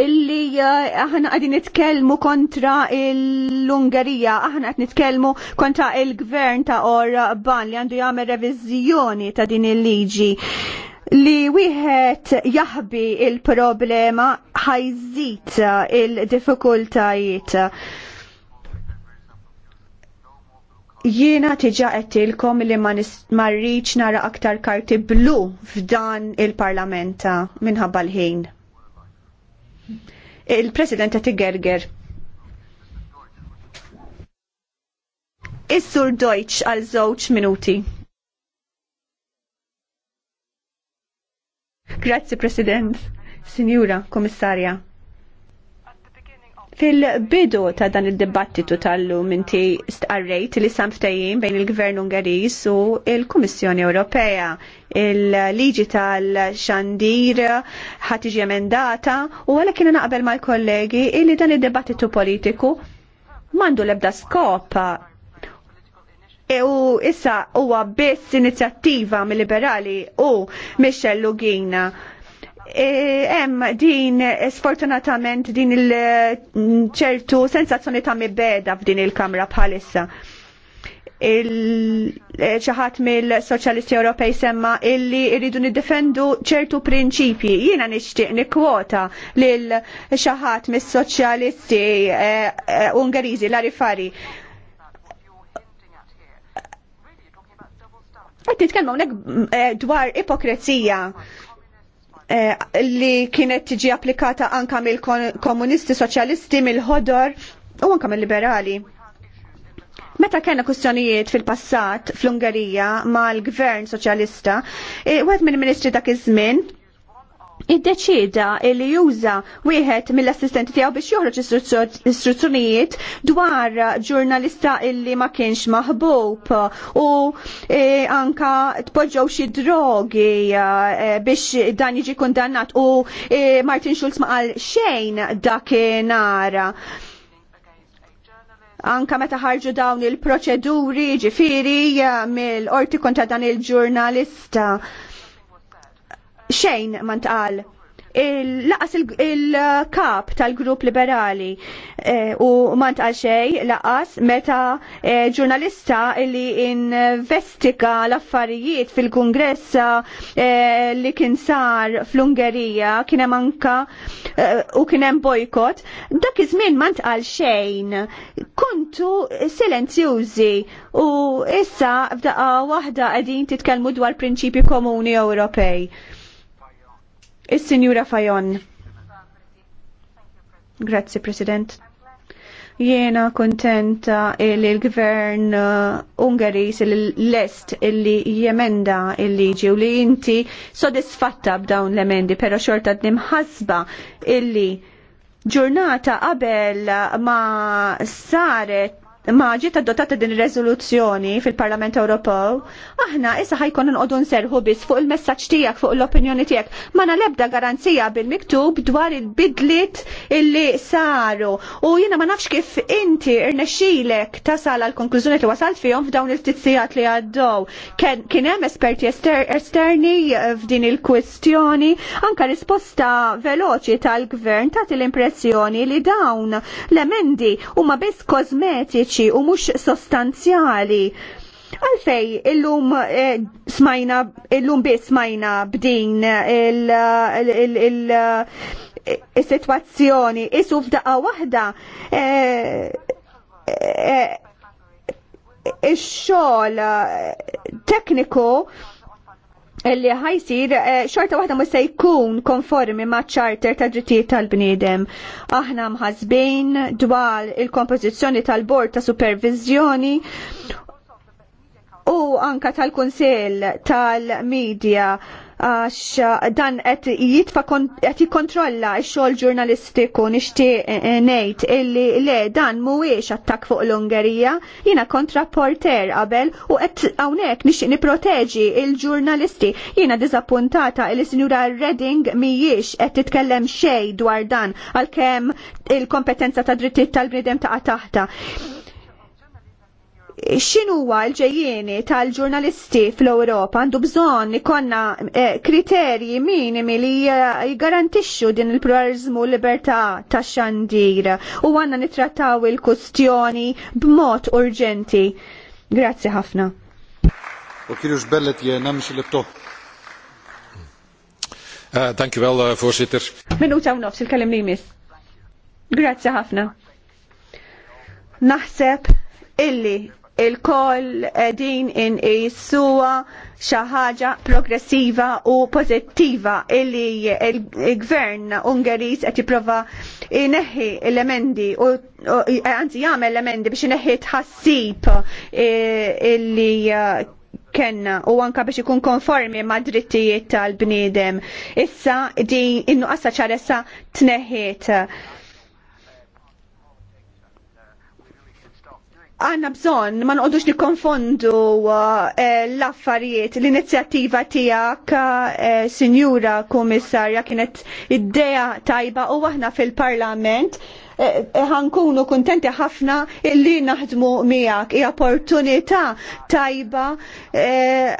illi eh, aħna għadin nitkellmu kontra l-Ungerija, aħna għad nitkellmu kontra il-gvern ta' Orban li għandu jagħmel reviżjoni ta' din il-liġi li wieħed jaħbi il-problema ħajżit eh, il-diffikultajiet. Jiena tiġa qedtilkom li ma marriċ nara aktar karti blu f'dan il-parlamenta eh, minħabba l-ħin. Il-President qed igerger. Is-Sur Deutsch għal żewġ minuti. Grazzi President, Signora Komissarja. Fil-bidu ta' dan il-dibattitu tal-lum inti stqarrejt li samftajin bejn il-Gvern Ungaris u il-Kummissjoni Ewropea il-liġi tal-xandir ħatiġi emendata u għalek kiena naqbel mal-kollegi illi dan il dibattitu politiku mandu lebda skop e u issa huwa biss inizjattiva mill-liberali u Michel Lugina hemm e, din sfortunatament din il-ċertu mm, sensazzjoni ta' mibeda f'din il-kamra bħalissa il-ċaħat e, mill-Soċjalisti Ewropej semma illi irridu niddefendu ċertu prinċipji. Jiena nixtieq nikkwota lil ċaħat mis-Soċjalisti e, Ungeriżi l-Arifari. Qed nitkellmu mm, dwar ipokrezija Eh, li kienet tiġi applikata anka mill-komunisti soċjalisti mill-ħodor u anka mill-liberali. Meta kena kustjonijiet fil-passat fl-Ungerija mal-gvern soċjalista, eh, wieħed mill-ministri dak iż-żmien iddeċida li juża wieħed mill-assistenti tiegħu biex joħroġ istruzzjonijiet dwar ġurnalista illi ma kienx maħbub u e, anka tpoġġew xi drogi e, biex dan jiġi kundannat u e, Martin Schulz ma qal xejn dakinhar anka meta ħarġu dawn il-proċeduri ġifiri e, mill-orti kontra dan il-ġurnalista. il ġurnalista xejn ma ntqal laqas il-kap tal-grupp liberali e, u ma ntqal xej laqas meta e, ġurnalista li investiga l-affarijiet fil-kongress e, li kien sar fl-Ungerija kienem anka u kienem bojkot dak iż-żmien mant xejn kuntu silenzjużi u issa f'daqa waħda qegħdin titkellmu dwar prinċipi komuni Ewropej. Is-Sinjura Fajon. Grazzi, President. Jiena kontenta li l-gvern uh, Ungaris l-lest illi jemenda il-liġi u li inti sodisfatta b'dawn l-emendi, pero xorta d ħasba illi ġurnata qabel ma saret maġi ta' dotata din rezoluzzjoni fil-Parlament Ewropew, aħna issa ħajkun nqodu nserħu biss fuq il-messaġġ tiegħek fuq l-opinjoni tiegħek. Ma nalebda garanzija bil-miktub dwar il bidlit illi saru. U jiena ma nafx kif inti irnexxilek tasal għal konklużjoni li wasalt fihom f'dawn il-tizzijat li għaddew. Kien hemm esperti esterni f'din il kwistjoni anka risposta veloċi tal-gvern tagħti l-impressjoni li dawn l-emendi huma biss kosmetiċi politiċi u mhux sostanzjali. Għalfej, illum eh, smajna, illum bi smajna b'din eh, il-, il, il, il eh, situazzjoni isu f'daqqa waħda eh, ix-xogħol tekniku li ħajsir eh, xorta waħda ma se jkun konformi ma' ċarter ta' drittijiet tal-bniedem. Aħna mħazbin dwar il-kompożizzjoni tal-bord ta' supervizjoni u anka tal-kunsel tal-medja għax eh, dan qed jitfa qed jikkontrolla x-xogħol ġurnalistiku nixtieq eh, eh, ngħid illi le dan mhuwiex attakk fuq l-Ungerija, jiena kontra porter qabel u qed hawnhekk nixtieq nipproteġi il-ġurnalisti. Jiena diżappuntata li sinjura Redding mhijiex qed titkellem xejn dwar dan għalkemm il-kompetenza ta' drittijiet tal-bniedem ta' taħta xinu huwa l-ġejjieni tal-ġurnalisti fl-Ewropa għandu bżonn ikonna eh, kriterji minimi li eh, jgarantixxu din il-pluralizmu libertà tax xandir u għandna nittrattaw il-kustjoni b'mod urġenti. Grazzi ħafna. Eh, u jena mx l Thank you well, voorzitter. Minuta u nofs il-kellim li jmiss. Grazzi ħafna. Naħseb illi il-koll din in xi ħaġa progressiva u pożittiva illi il-gvern Ungeris qed jipprova ineħħi l-emendi u anzi jagħmel l-emendi biex ineħħi tħassib e, illi e, kenna u anka biex ikun konformi ma' drittijiet tal-bniedem. Issa din innu qassa ċaressa tneħħiet. għanna bżon ma nqodux nikonfondu eh, l-affarijiet, l-inizjattiva tijak, eh, sinjura komissarja, kienet id-deja tajba u aħna fil-parlament eh, ħankunu kontenti ħafna illi naħdmu miegħek. Hija opportunità tajba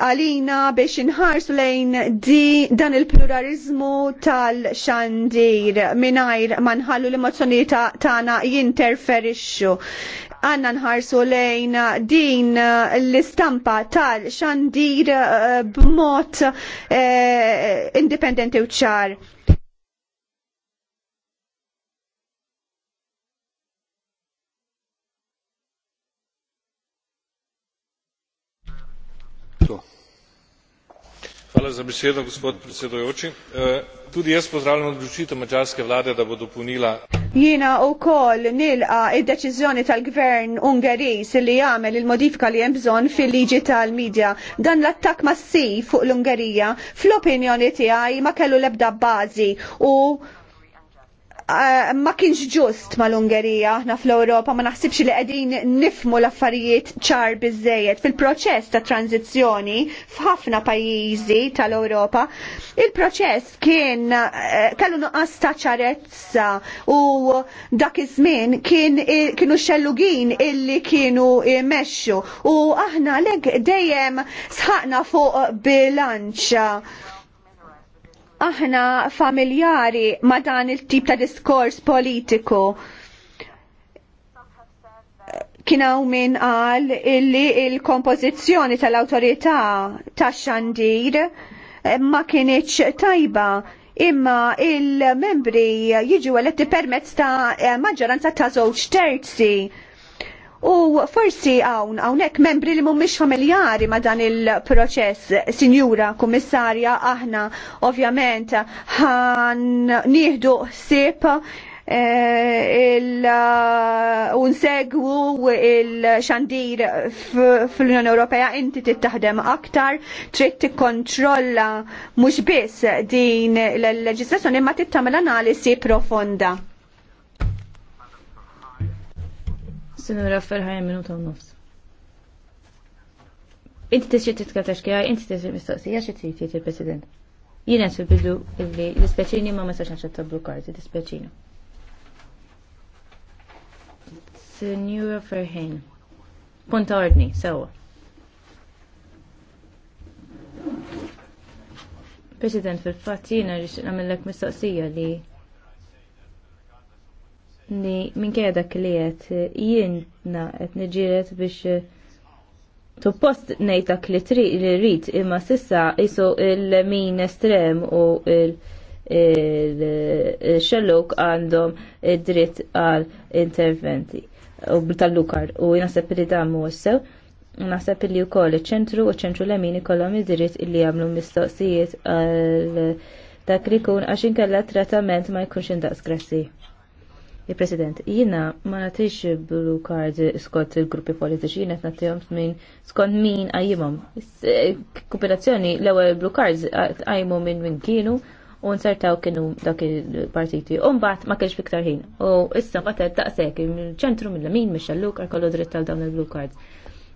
għalina biex inħarsu lejn di dan il-pluralizmu tal-xandir mingħajr ma nħallu l-emozzjonijiet tagħna jinterferixxu għanna nħarsu lejn din eh, l-istampa tal-xandir eh, b'mod eh, indipendenti u ċar. Hvala za besedo, gospod predsedujoči. Tudi jaz pozdravljam odločitev mađarske vlade, da bo dopolnila. Jiena wkoll nilqa id-deċiżjoni tal-gvern Ungeriż li jagħmel il-modifika li hemm bżonn fil-liġi tal midja Dan l-attakk massiv fuq l-Ungerija fl-opinjoni tiegħi ma kellu l-ebda bażi u Eh, ma kienx ġust mal-Ungerija aħna fl-Ewropa ma naħsibx li qegħdin nifmu l-affarijiet ċar biżejjed fil-proċess ta' tranzizzjoni f'ħafna pajjiżi tal-Ewropa. Il-proċess kien eh, kellu nuqqas ta' ċarezza u dak iż-żmien kienu xellugin illi kienu jmexxu u aħna lek dejjem sħaqna fuq bilanċ aħna familjari ma dan il-tip ta' diskors politiku u min għal illi il-kompozizjoni tal-autorità ta' xandir ma kienieċ tajba imma il-membri jiġu għaletti permezz ta' maġġoranza ta' żewġ terzi U forsi għawn, hawnhekk membri li mhumiex familjari ma' dan il-proċess, Sinjura Kummissarja, aħna ovvjament għan nieħdu ħsieb eh, il-unsegwu il-xandir fl-Unjoni Ewropea inti tittaħdem aktar, trid tikkontrolla mhux biss din l-leġislazzjoni imma tittamel analisi profonda. Sinura ferħajn minuta u nofs. Inti tixi titkatax kja, inti tixi mistoqsija, xie tixi tixi il-president. Jina su bidu illi dispeċini ma ma saċan xatta blukarti, dispeċini. Sinura ferħajn. Punta ordni, sewa. President, fil-fat jina rix namillek mistoqsija li Ni, minkejja dak li jien jiena qed niġieret biex eh, suppost post nejtak li rrit imma sissa isu il-min estrem u il-xelluk eh, għandhom id-dritt għal interventi u tal-lukar u jnaħseb li damu sew naħseb li wkoll iċ-ċentru u ċentru l-emin ikollhom id-dritt li jagħmlu mistoqsijiet għal dak li jkun għax inkella trattament ma jkunx indaqs grassi. Il-President, jina ma natiex blue card skont il-gruppi politiċi, jina t-nattijom minn skont min għajimom. Kupilazzjoni l-ewel blue cards għajimom minn minn kienu u nsartaw kienu dak il-partiti. Umbat ma kienx fiktar ħin. U issa batet daqsek, il-ċentru mill-lamin, mill-xalluk, għarkollu dritt tal dawn il-blue cards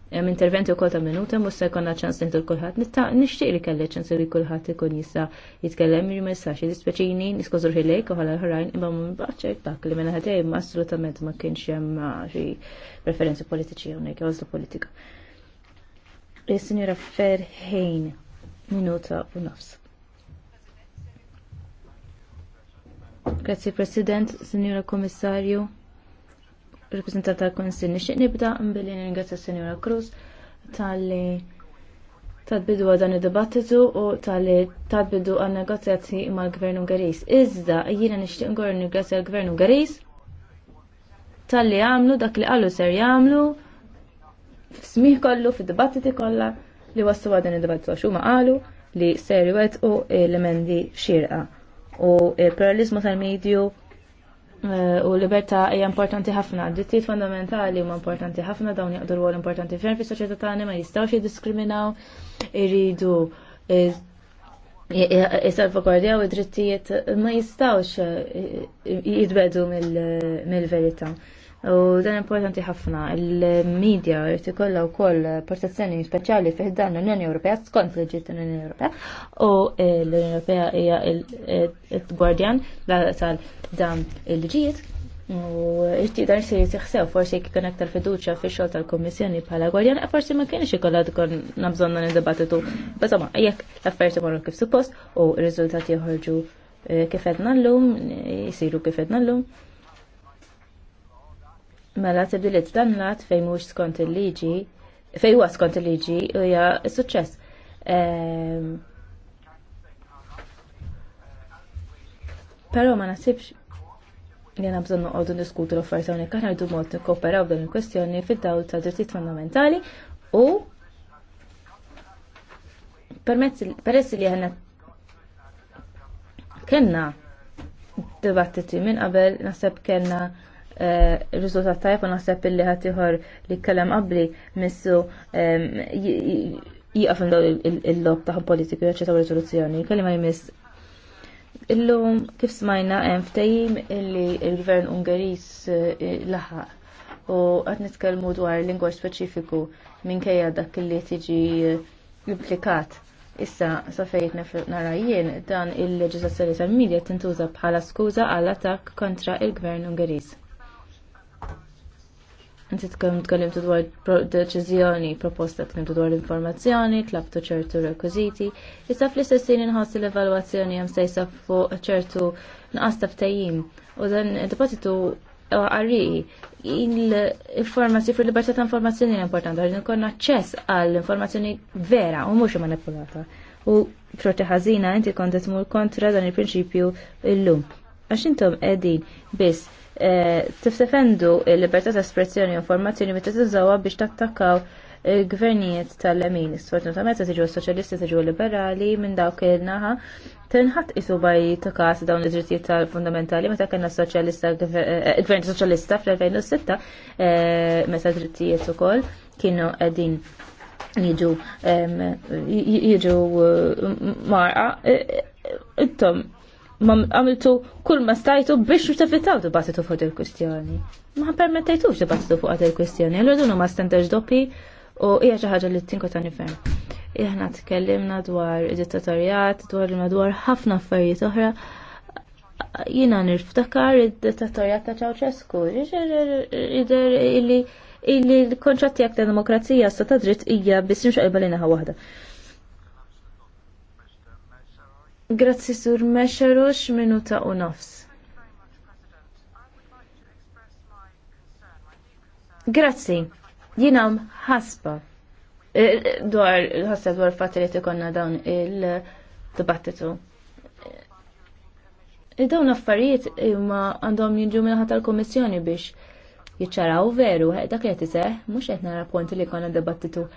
Hemm interventi wkoll ta' minuta mhux se jkollna ċans l kulħadd. Nixtieq li kelle ċans li kulħadd ikun jista' jitkellem li ma jistax jispeċini niskużur lejk u ħala ħrajn imma mbaċċer dak li minn ħadej imma assolutament ma kienx hemm ah, xi preferenzi politiċi hawnhekk jew politika. Is-Sinjura eh, Ferħin, minuta u nofs. Grazie President, Signora Commissario rappresentata tal-Konsil nixtieq nibda billi ningrazzja Senjora Cruz tal-li tal-bidu dan id-dibattitu u tal-li tal-bidu għal negozjati mal-Gvern Ungaris. Iżda jiena nixtieq ngor ningrazzja l-Gvern Ungaris tal-li għamlu dak li qalu ser jagħmlu f'smih kollu, fid-dibattiti kollha li wassu dan id-dibattitu għax huma qalu li ser u l-emendi xirqa u il-pluralizmu tal-medju u l-libertà hija importanti ħafna, d-dittijiet fondamentali huma importanti ħafna, dawn jaqdu rwol importanti ferm fis-soċjetà tagħna ma jistgħux jiddiskriminaw, iridu jisalvagwardjaw id-drittijiet ma jistgħux jitbedu mill-verità. U dan importanti ħafna, il-medja jrid ikollha wkoll protezzjoni speċjali fih dan l-Unjoni Ewropea skont liġi l-Unjoni Ewropea u l-Unjoni Ewropea hija l-gwardjan tal dan il-liġijiet U dan se jisiħsew, forsi kikun aktar fiduċa fi xol tal-Kommissjoni bħala gwardjan, e forsi ma kienx ikolla dikon nabżonna nid debatitu Bazzama, jekk l-affarijiet imorru kif suppost u r-riżultati joħorġu eh, kif qed nallum, jisiru kif l-lum. Mela tibdiliet dan lat fejn mhux skont il-liġi, fejn huwa skont il-liġi hija suċċess. Ehm, però ma nasibx li għana bżon noqogħdu niskutu l-offerta hawnhekk aħna rridu mod nikkooperaw f'dan il-kwestjoni fid-dawl ta' drittijiet fondamentali u peress li aħna kellna dibattiti minn qabel naħseb kellna Eh, riżultat tajb u naħseb illi ħatiħor li kellem qabli missu ehm, jiqaf daw il-lob taħ politiku jaċċetaw riżoluzzjoni. għaj jmiss illum kif smajna hemm ftehim illi il-Gvern Ungeris eh, laħaq u għat nitkellmu dwar lingwa speċifiku minkejja dak li tiġi eh, implikat. Issa, safejt narajjien, dan il-leġizazzjoni tal-medja tintuża bħala skuża għal attakk kontra il-gvern Ungeriż. Inti tkellem tkellimtu dwar deċiżjoni proposta tkellimtu dwar l-informazzjoni, tlabtu ċertu rekwiżiti, issa fl-istess sin inħoss l-evalwazzjoni hemm sejsa fuq ċertu nqas taftajim. U dan depositu dibattitu uh, għarri il-informazzjoni, fur libertà ta' informazzjoni importanti, għarri nkonna ċess għall-informazzjoni vera u mhux manipulata. U proti ħażina inti kont tmur kontra dan il-prinċipju illum. Għax intom qegħdin biss Eh, tiftefendu il-libertà ta' espressjoni u informazzjoni meta tiżawha biex tattakkaw gvernijiet tal-lemin. Sfortunatament se tiġu soċjalisti tiġu liberali minn dawk il-naħa tinħat isu baj ta' kas dawn id-drittijiet tal-fundamentali meta kellna soċjalista gvern eh, soċjalista fl-2006 eh, meta drittijiet ukoll kienu qegħdin jiġu jiġu marqa ittom għamiltu kull ma stajtu biex tevitaw dibattitu fuq il kustjoni Ma permettajtux dibattitu fuq il-kwistjoni, l ma standards doppi u hija xi ħaġa li tinku ta' Iħna t tkellimna dwar dittatorjat, dwar madwar ħafna affarijiet oħra. Jina niftakar id-dittatorjat ta' ċawċesku, jider illi illi l-konċatti għak ta' demokrazija sta ta' dritt ija biss nimxaqqa balina ħa wahda. Grazzi sur Mesharux minuta u nofs. Grazzi, jinam ħasba eh, dwar ħasba dwar fatt li tikonna dawn il-dibattitu. Dawn affarijiet imma eh, għandhom jiġu minnaħat tal-Komissjoni biex jiċċaraw veru, dak li qed mux mhux qed nara li konna dibattitu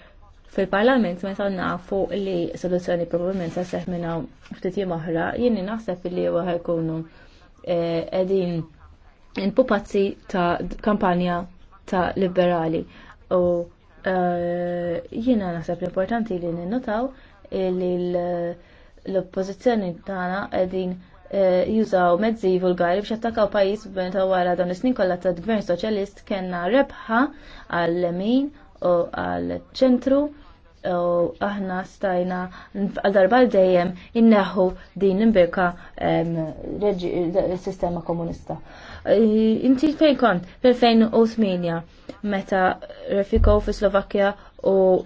fil-parlament meta nafu li soluzzjoni probabbilment se seħ minna ftit oħra, jieni naħseb li huwa ħajkunu qegħdin eh, inpupazzi ta' kampanja ta' liberali u eh, jiena naħseb l-importanti li ninnotaw li l-oppożizzjoni tagħna qegħdin eh, jużaw mezzi vulgari biex attakaw pajis ta' wara dan is-snin kollha ta' gvern soċjalist kellna rebħa għall emin u għal ċentru u aħna stajna għal darba dejjem inneħu din l-imbeka sistema komunista. Inti fejn kont? Fil-2008 meta refikow fi Slovakkja u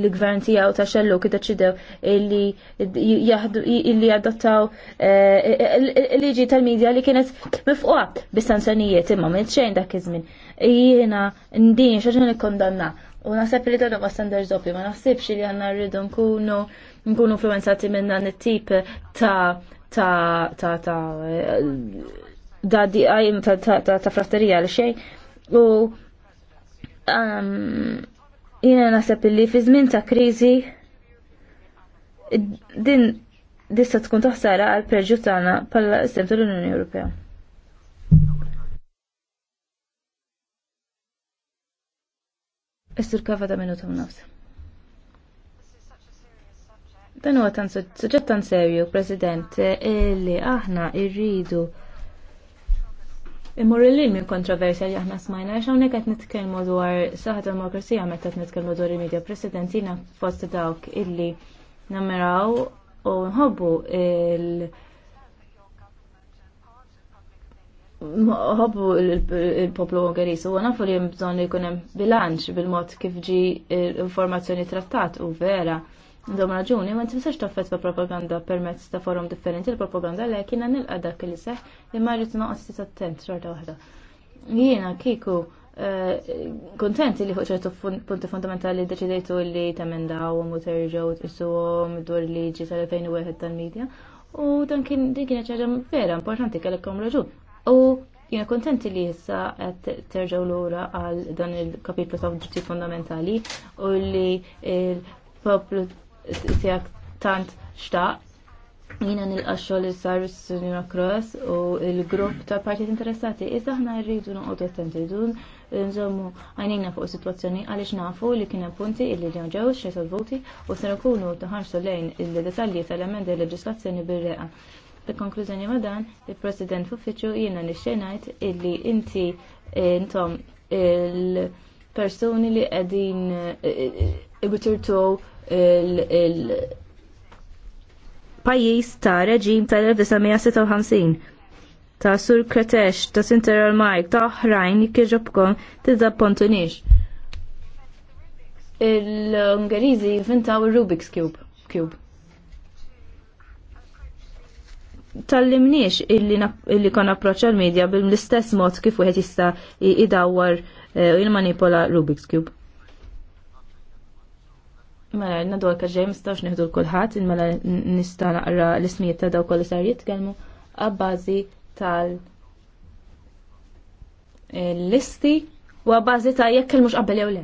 l-gvern tiegħu ta' xellu kif deċidew illi jaħdu adottaw eh, liġi tal-medja li kienet mifquqa bis-sanzjonijiet imma minn xejn dak iż-żmien. Jiena ndin xaġa nikkondanna u naħseb li dan huwa standard doppju, ma naħsibx li għandna rridu nkunu nkunu influenzati minn dan it-tip ta' ta' ta' ta' da' di ta' ta' ta' fratterija li xejn u um, Jiena naħseb illi fi żmien ta' kriżi din dissa tkun taħsara għal perġu tagħna bħala istem tal-Unjoni Ewropea. Istur kafa ta' minuta u Dan huwa tan suġġett tan serju, President, illi aħna irridu imur il-lin minn kontroversja li aħna smajna, għax hawnhekk qed nitkellmu dwar saħħa Demokrasija meta għet nitkellmu dwar il-medja presidentina fost dawk illi nammeraw u nħobbu il- Hobbu il-poplu Ungaris u nafu li hemm bżonn li jkun hemm bilanċ bil-mod kif ġi l-informazzjoni trattat u vera Dom raġuni, ma tistax taffetwa propaganda permezz ta' forum differenti l-propaganda li kiena nilqa dak li seħ imma rrid noqgħod tit attent xorta waħda. Jiena kiku eh, kontenti li fuq ċertu punti fundamentali deċidejtu li temendawhom u terġgħu tqisuhom dwar liġi tal-2001 tal-medja u dan kien din kienet ċaġa vera importanti kellekom raġun. U jina kontenti li jissa għed terġaw l għal dan il-kapitlu ta' dritti fondamentali u li il-poplu tijak tant xtaq. Jina nil-qaxxo li sar s Cross u il-grupp ta' partijiet interessati. Issa ħna rridu noqgħodu attenti dun nżommu għajnejna fuq situazzjoni għaliex nafu li kien hemm punti illi ġew ġew voti u se nkunu taħarsu lejn il-detalji tal-emendi leġislazzjoni bir-reqa. Bi konklużjoni ma' dan, il-President f'uffiċċju jiena nixxenajt illi inti eh, intom il-persuni li qegħdin eh, ibutirtu il-pajis ta' reġim tal-1956 ta' Sur Kretex, ta' Sinteral Mike, ta' oħrajn kieġobkom tizzappontunix. il ungerizi inventaw il-Rubik's Cube. Cube. Tallimniex illi kon approċċa l-medja bil-istess mod kif wieħed jista' idawwar eh, u jmanipola Rubik's Cube. Mela, nadu għalka ġej mistawx neħdu l-kulħat, mela nista naqra l-ismijiet ta' daw kolli sar jitkellmu għabbazi tal- listi u għabbazi ta' jekkelmu kelmux qabel jew le.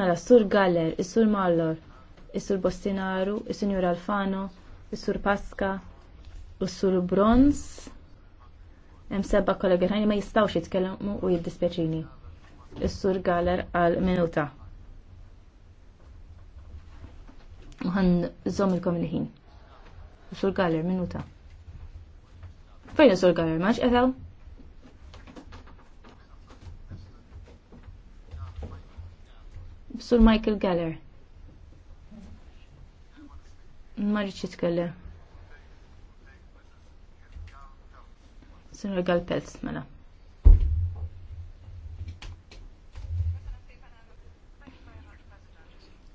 Mela, sur Galler, is-sur Mallor, is-sur Bostinaru, is-sinjur Alfano, is-sur Pasca, s sur Bronz. Hemm seba' kollega ma jistgħux jitkelmu u jiddispjaċini. Is-sur Galler għal minuta. Għan zomilkom il-ħin. Sur Galler, minuta. Fejn Sur Galler, maċ eħaw? Sur Michael Galler. Marriċ jitkellem. Sinur Galpelz, mela.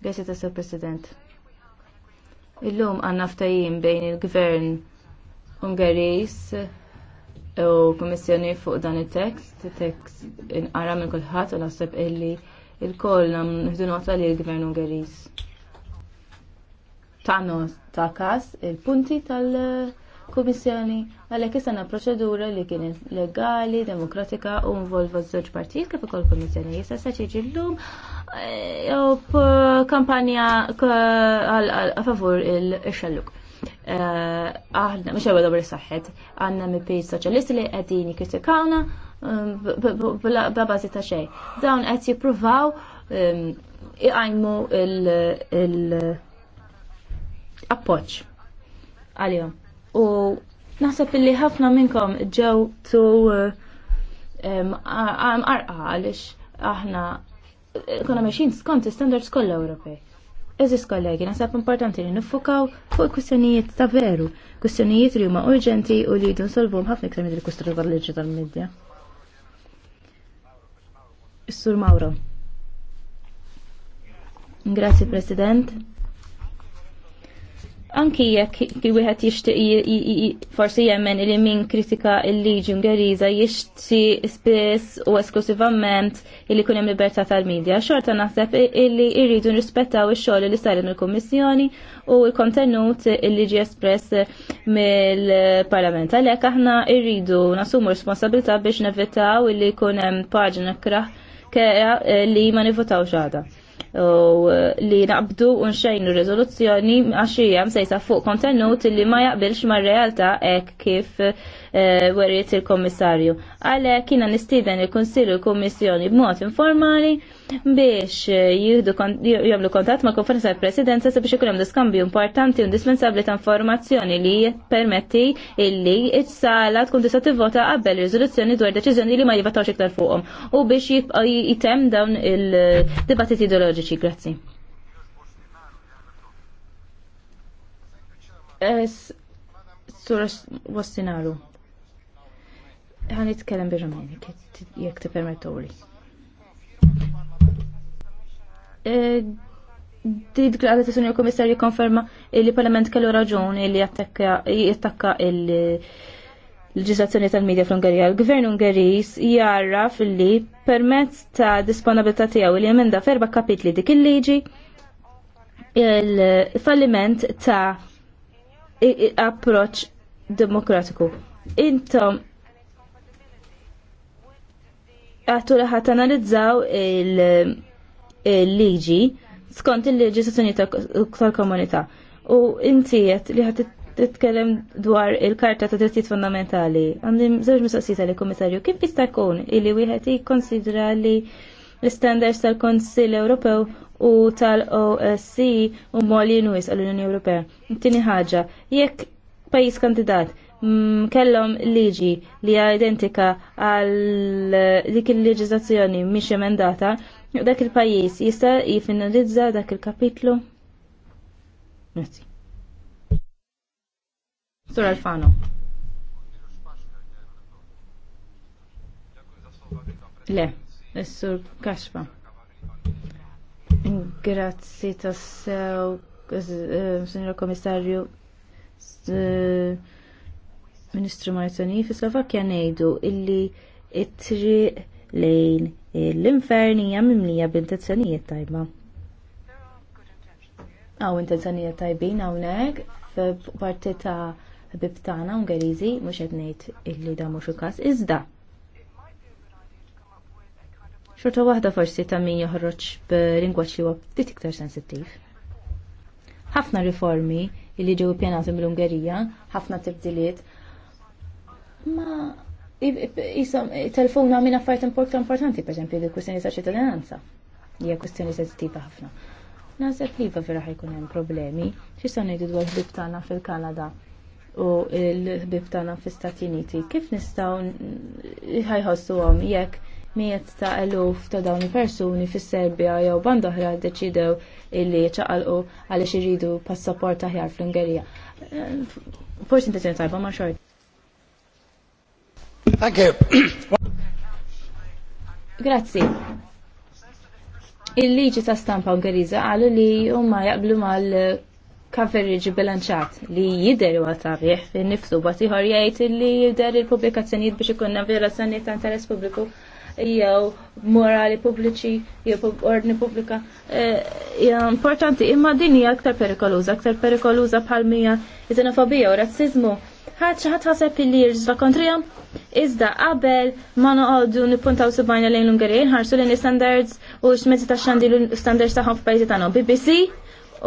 Grazie, President. Illum għanna ftajim bejn il-gvern Ungeris u kommissjoni fuq dan il-tekst, tekst inqara minn kulħadd u naħseb illi il-koll nam nħdu li il gvern Ungeris. Tanno ta' il-punti tal-kommissjoni għalhekk issa proċedura li kienet legali, demokratika u involva żewġ partijiet kif ukoll kommissjoni jista' se l-lum jew eh, kampanja għal favur il-xelluk. Eh, aħna, mux għabba dobri saħħet, għanna MP soċalisti li għedini kritikawna eh, b'bażi ta' xej. Dawn għed jipruvaw ehm, iqajmu il-appoġġ għalihom. U naħseb li ħafna minnkom ġew tu arqa għaliex aħna Kona meċin skont standards kollha Ewropej. Eżis kollegi, nasab importanti li nifukaw fuq kwistjonijiet ta' veru, kwistjonijiet li huma urġenti u li jdu nsolvuhom ħafna iktar minn il-kustra tal-liġi tal-medja. Is-Sur Mauro. Grazie President anki jekk ki wieħed jixtieq forsi jemmen li min kritika l-liġi Ungeriża jixti spiss u esklusivament illi jkun hemm libertà tal-medja. Xorta naħseb illi jridu nrispettaw ix-xogħol li sar mill-Kummissjoni u l-kontenut illi ġie espress mill-Parlament. Għalhekk aħna rridu nasumu responsabilità biex nevitaw illi jkun hemm paġna kraħ eh, li ma nivvotawx għadha. Uh, li naqbdu unxajnu rezoluzzjoni għaxija msejsa fuq kontenut li ma jaqbilx ma' realtà ek kif uh, werriet il-Komissarju. Għale kina nistiden il-Konsilju il-Kommissjoni b'mod informali biex eh, jihdu jagħmlu kontatt ma' konferenza tal-Presidenza sabiex ikun hemm diskambju importanti u indispensabbli ta' informazzjoni li jippermetti illi iċ-sala tkun tista' tivvota qabel riżoluzzjoni dwar deċiżjoni li ma jivvotawx iktar fuqhom u biex eh, jitem dawn il-dibattiti ideoloġiċi. Grazzi. Sura Wassinaru. Għan itkellem bil-Romani, jek ti permetturi. Eh, di deklarazzjoni sunju komissarju konferma li parlament kellu raġuni li jattakka il-leġislazzjoni tal-medja fl-Ungerija. Il-gvern Ungeris jarra fil-li permezz ta' disponibilità tiegħu li emenda ferba kapitli dik il-liġi il-falliment ta' approċ demokratiku. Intom għattu li ħat analizzaw il- liġi skont il-leġislazzjoni tal-komunità. U inti jett li ħadd titkellem dwar il-karta ta' drittijiet fundamentali. Għandi żewġ mistoqsijiet għal kummissarju kif jista' jkun illi wieħed jikkonsidra li l-standards tal-Konsill Ewropew u tal-OSC u molli nwis għall-Unjoni Ewropea. Tini ħaġa, jekk pajis kandidat mm, kellhom liġi li identika għal dik il leġizazzjoni mhix emendata, dak il-pajis jista' jifinalizza dak il-kapitlu? Grazie. Sur Alfano. Le, sur Kaxfa. Grazzi tassew, eh, signor Komissarju, Ministru Maritani, fi Slovakkja nejdu illi it-triq lejn l-infern hija mimlija bil-intenzjonijiet tajba. Għaw intenzjonijiet tajbin hawnhekk fil-parti ta' ħbib tagħna Ungeriżi mhux qed ngħid illi da mux il-każ iżda. Xorta waħda forsi ta' min joħroġ b'lingwaġġ li huwa ftit iktar sensittiv. Ħafna riformi illi ġew ippjanati mill-Ungerija, ħafna tibdiliet, ma jisom telefona minn affarijiet import importanti, per esempio, di kwistjoni ta' ċittadinanza. Hija kwistjoni sensittiva ħafna. Naħseb li iva vera ħajkun hemm problemi, x'issa ngħidu dwar ħbib tagħna fil-Kanada u l-ħbib tagħna fl-Istati Uniti. Kif nistgħu ħajħossu għom jekk miet ta' eluf ta' dawn il-persuni fis-Serbja jew band oħra ddeċidew illi ċaqalqu għaliex iridu passaport aħjar fl-Ungerija. Forsi intenzjoni tajba ma' xorti. Thank you. Grazzi. Il-liġi ta' stampa Ungeriża qalu li huma jaqblu mal coverage bilanċat li jider u għatabiħ fin nifsu bat iħor jgħid li jider il pubblikazzjonijiet biex ikunna vera sanni ta' interess pubbliku jew morali pubbliċi jew ordni pubblika eh, hija importanti imma din hija aktar perikoluża, aktar perikoluża bħal mija xenofobija u razzizmu ħad xi ħadd ħaseb li jirżda kontrihom, iżda qabel ma noqogħdu nippuntaw subajna lejn l-Ungerija nħarsu lejn standards u x'mezzi ta' xandi l-standards tagħhom f'pajjiżi tagħhom. BBC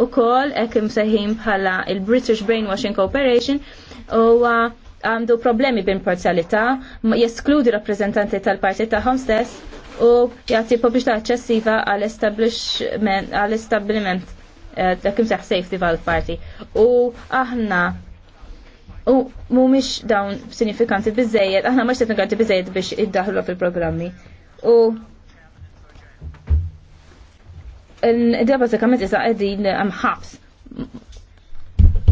ukoll hekk imsejħin bħala il-British Brainwashing Cooperation huwa għandu problemi bin parzjalità, jeskludi rappreżentanti tal-parti tagħhom stess u jagħti pubblicità eċċessiva għall-establishment għall-establiment eh, dak imsaħ safety valve party. U aħna u mumiex dawn sinifikanti bizzejed, aħna ma sinifikanti bizzejed biex iddaħlu fil-programmi. U id-dja Dabba kamet jisa għedin għamħabs.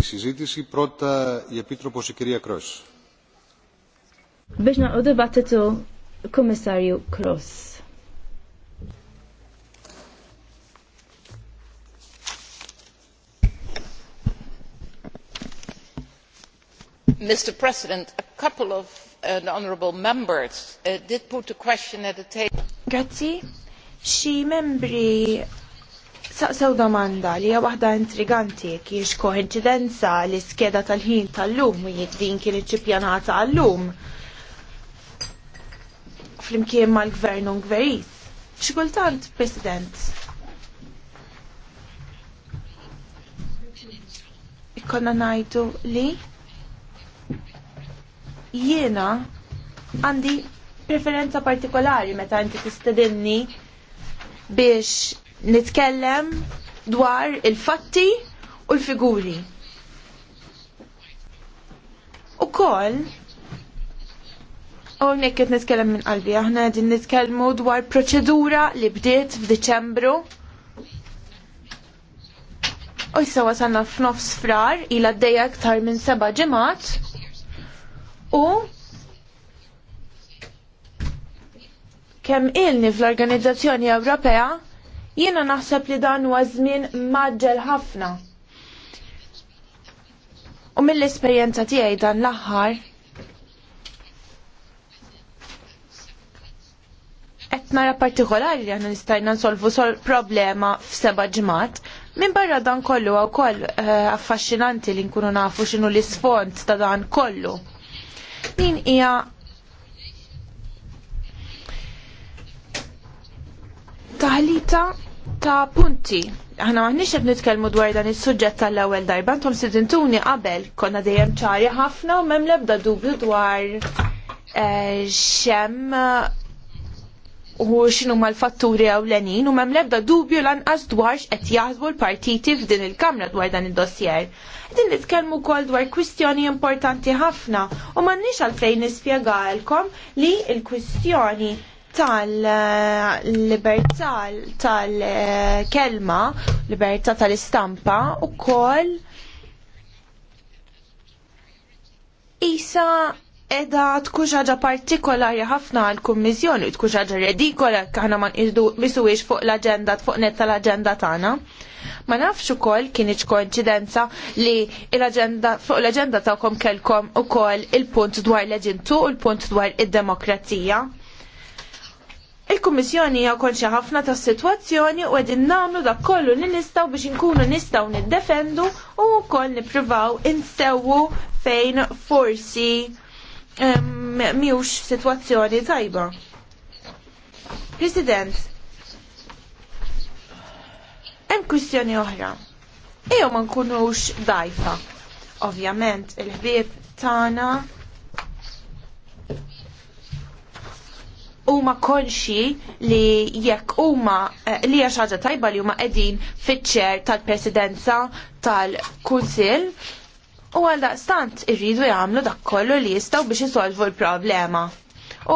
Sizitisi prota jepitropos ikirija Kross. Biex naqdu dibattitu Komissarju Kross. mr president a couple of honourable members uh, did put a question at the table. Grazzi. Xi membri saqsew domanda li hija waħda intriganti kienx koinċidenza li skeda tal-ħin tal-lum jekk din kien iċċippjanata għall-lum flimkien mal-gvern Ungveris. X'kultant, President, ikkonna ngħidu li jiena għandi preferenza partikolari meta inti tistedinni biex nitkellem dwar il-fatti u l-figuri. U koll, u nekket nitkellem minn qalbi, aħna għedin nitkellmu dwar proċedura li bdiet f'Diċembru U jissa wasanna f'nofs frar ila d-dejja ktar minn seba ġemat u kemm ilni fl-Organizzazzjoni Ewropea jiena naħseb li dan huwa żmien maġġel ħafna. U mill-esperjenza tiegħi dan l-aħħar qed nara partikolari li aħna nistajna nsolvu sol problema f'seba' ġmat, Minn barra dan kollu wkoll koll eh, affaxxinanti li nkunu nafu x'inhu l-isfond ta' dan kollu. Din hija taħlita ta' punti. Aħna maħniex qed nitkellmu dwar dan is-suġġett tal-ewwel darba, intom sidintuni qabel konna dejjem ċari ħafna u m'hemm l-ebda dubju dwar eh, xem u xinu ma l-fatturi l-enin u mem lebda dubju lanqas dwar x'qed jaħdmu l-partiti f'din il-Kamra dwar dan id-dossier. Din nitkellmu wkoll dwar kwistjoni importanti ħafna u m'għandniex għalfejn nispjegalkom li l-kwistjoni tal-libertà tal-kelma, libertà tal-istampa u kol isa edha tkun ħaġa partikolari ħafna għal kummissjoni tkun ħaġa redikola aħna ma nqirdu misuwiex fuq l-aġenda fuq net tal-aġenda tagħna. Ma nafx ukoll kienieċ koincidenza li l-aġenda fuq l-aġenda tagħkom kelkom ukoll il-punt dwar l-eġintu u l-punt dwar id-demokrazija. Il-Kummissjoni hija xi ħafna tas-sitwazzjoni u qegħdin nagħmlu dak kollu li nistgħu biex inkunu nistgħu niddefendu u wkoll nippruvaw insewwu fejn forsi miux situazzjoni tajba. President, hemm kwistjoni oħra. Ejo ma nkunux dajfa. Ovvjament il-ħbieb tagħna huma konxi li jekk huma eh, li hija xi ħaġa tajba li huma qegħdin edin ċer tal-Presidenza tal-Kunsill U għal daqstant irridu jagħmlu dak kollu li jistgħu biex isolvu l-problema.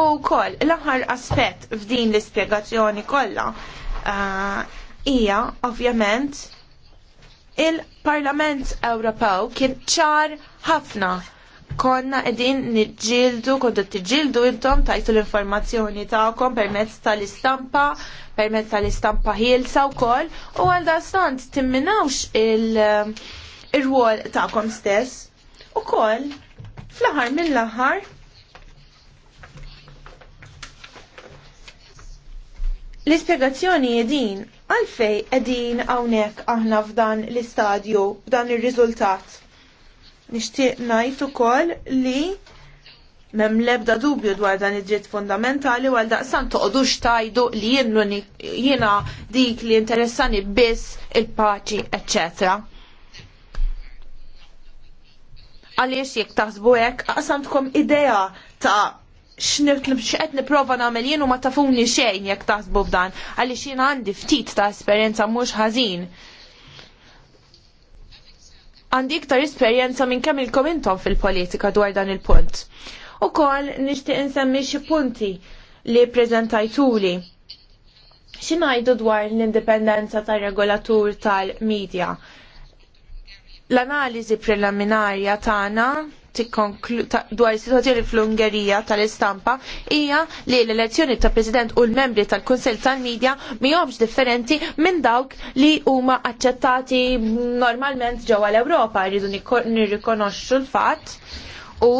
U koll, l-aħħar aspett f'din l-ispjegazzjoni kollha uh, hija uh, ovvjament il-Parlament Ewropew kien ċar ħafna konna edin nġildu, kontu tġildu intom tajtu l-informazzjoni ta'kom permezz tal-istampa, permezz tal-istampa ħielsa u koll, u għal-dastant timminawx il- ir-rwol tagħkom stess u koll fl-aħħar mill-aħħar L-ispiegazzjoni jedin għalfej edin għawnek aħna f'dan l-istadju, f'dan il-rizultat. Nishtiq najt ukoll li mem lebda dubju dwar dan id-dritt fundamentali għal daqsan toqdux tajdu li jiena dik li interessani biss il-paċi, eccetera għaliex jekk taħsbu hekk għasantkom idea ta' x'qed nipprova nagħmel jien u ma tafuni xejn jekk taħsbu f'dan għaliex jien għandi ftit ta' esperjenza mhux ħażin. Għandi iktar esperjenza minn kemm ilkom intom fil-politika dwar dan il-punt. Ukoll nixtieq insemmi xi punti li preżentajtuli. X'ingħidu dwar l-indipendenza tar-regolatur tal-medja? tal tal medja L-analiżi preliminarja tagħna dwar is-sitwazzjoni fl-Ungerija tal-istampa hija li l-elezzjoni ta' President u l-membri tal-Kunsell tal-Midja mihomx differenti minn dawk li huma aċċettati normalment ġewwa l-Ewropa Rridu nirrikonoxxu l-fatt u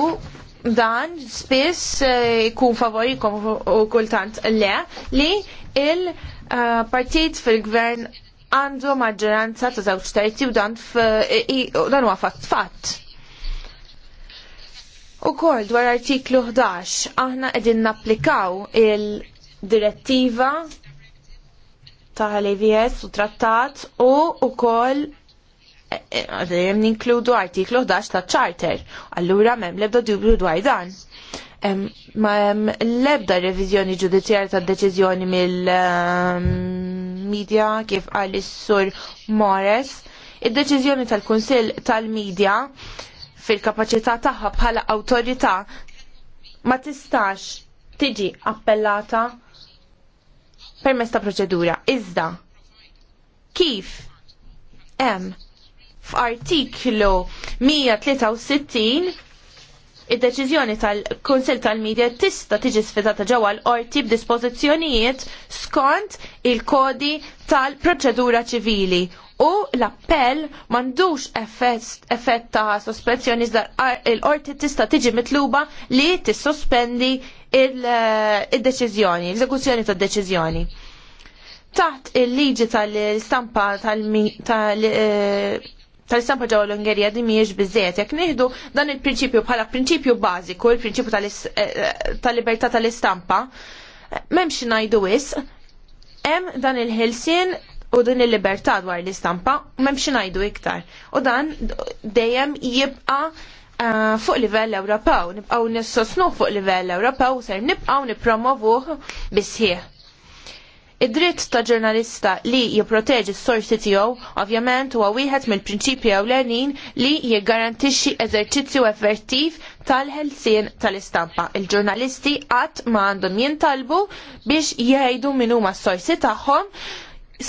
dan spiss jkun eh, favorikom u kultant le li il-partit eh, fil-gvern għandu maġġoranza ta' żewġ terzi u dan huwa fatt fatt. U kol dwar artiklu 11 aħna qegħdin napplikaw il-direttiva ta' l-AVS u trattat u ukoll eh, eh, għadajem ninkludu artiklu 11 ta' charter. Allura mem lebda dubju dwar dan ma l-ebda reviżjoni ġudizjar tad-deċiżjoni mill-medja kif qal sur Mores. Id-deċiżjoni tal-Kunsill tal media fil-kapaċità tagħha bħala awtorità ma tistax tiġi appellata permezz ta' proċedura. Iżda kif hemm f'artiklu 163 id-deċiżjoni tal-Kunsill tal-Media tista' tiġi sfidata ġewwa l-qorti b'dispożizzjonijiet skont il-kodi tal-proċedura ċivili u l-appell mandux effett ta' sospensjoni iżda l-qorti tista' tiġi mitluba li tissospendi il-deċiżjoni, eh, l-eżekuzzjoni tad-deċiżjoni taħt il-liġi tal-istampa tal-, -tal eh, tal-istampa ġewwa l-Ungerija din mhijiex biżejjed jekk nieħdu dan il-prinċipju bħala prinċipju bażiku, il-prinċipju eh, eh, tal-libertà tal-istampa, m'hemmx ngħidu wis, hemm dan il-ħelsien u din il-libertà dwar l-istampa, m'hemmx ngħidu iktar. U dan dejjem jibqa' eh, fuq livell Ewropew, nibqgħu nissosnu fuq livell Ewropew ser nibqgħu nippromovuh bisħieħ. Id-dritt ta' ġurnalista li jipproteġi s-sorsi tiegħu ovvjament huwa wieħed mill-prinċipji ewlenin li jiggarantixxi eżerċizzju effettiv tal-ħelsien tal-istampa. Il-ġurnalisti qatt ma għandhom jintalbu biex jgħidu min huma s-sorsi tagħhom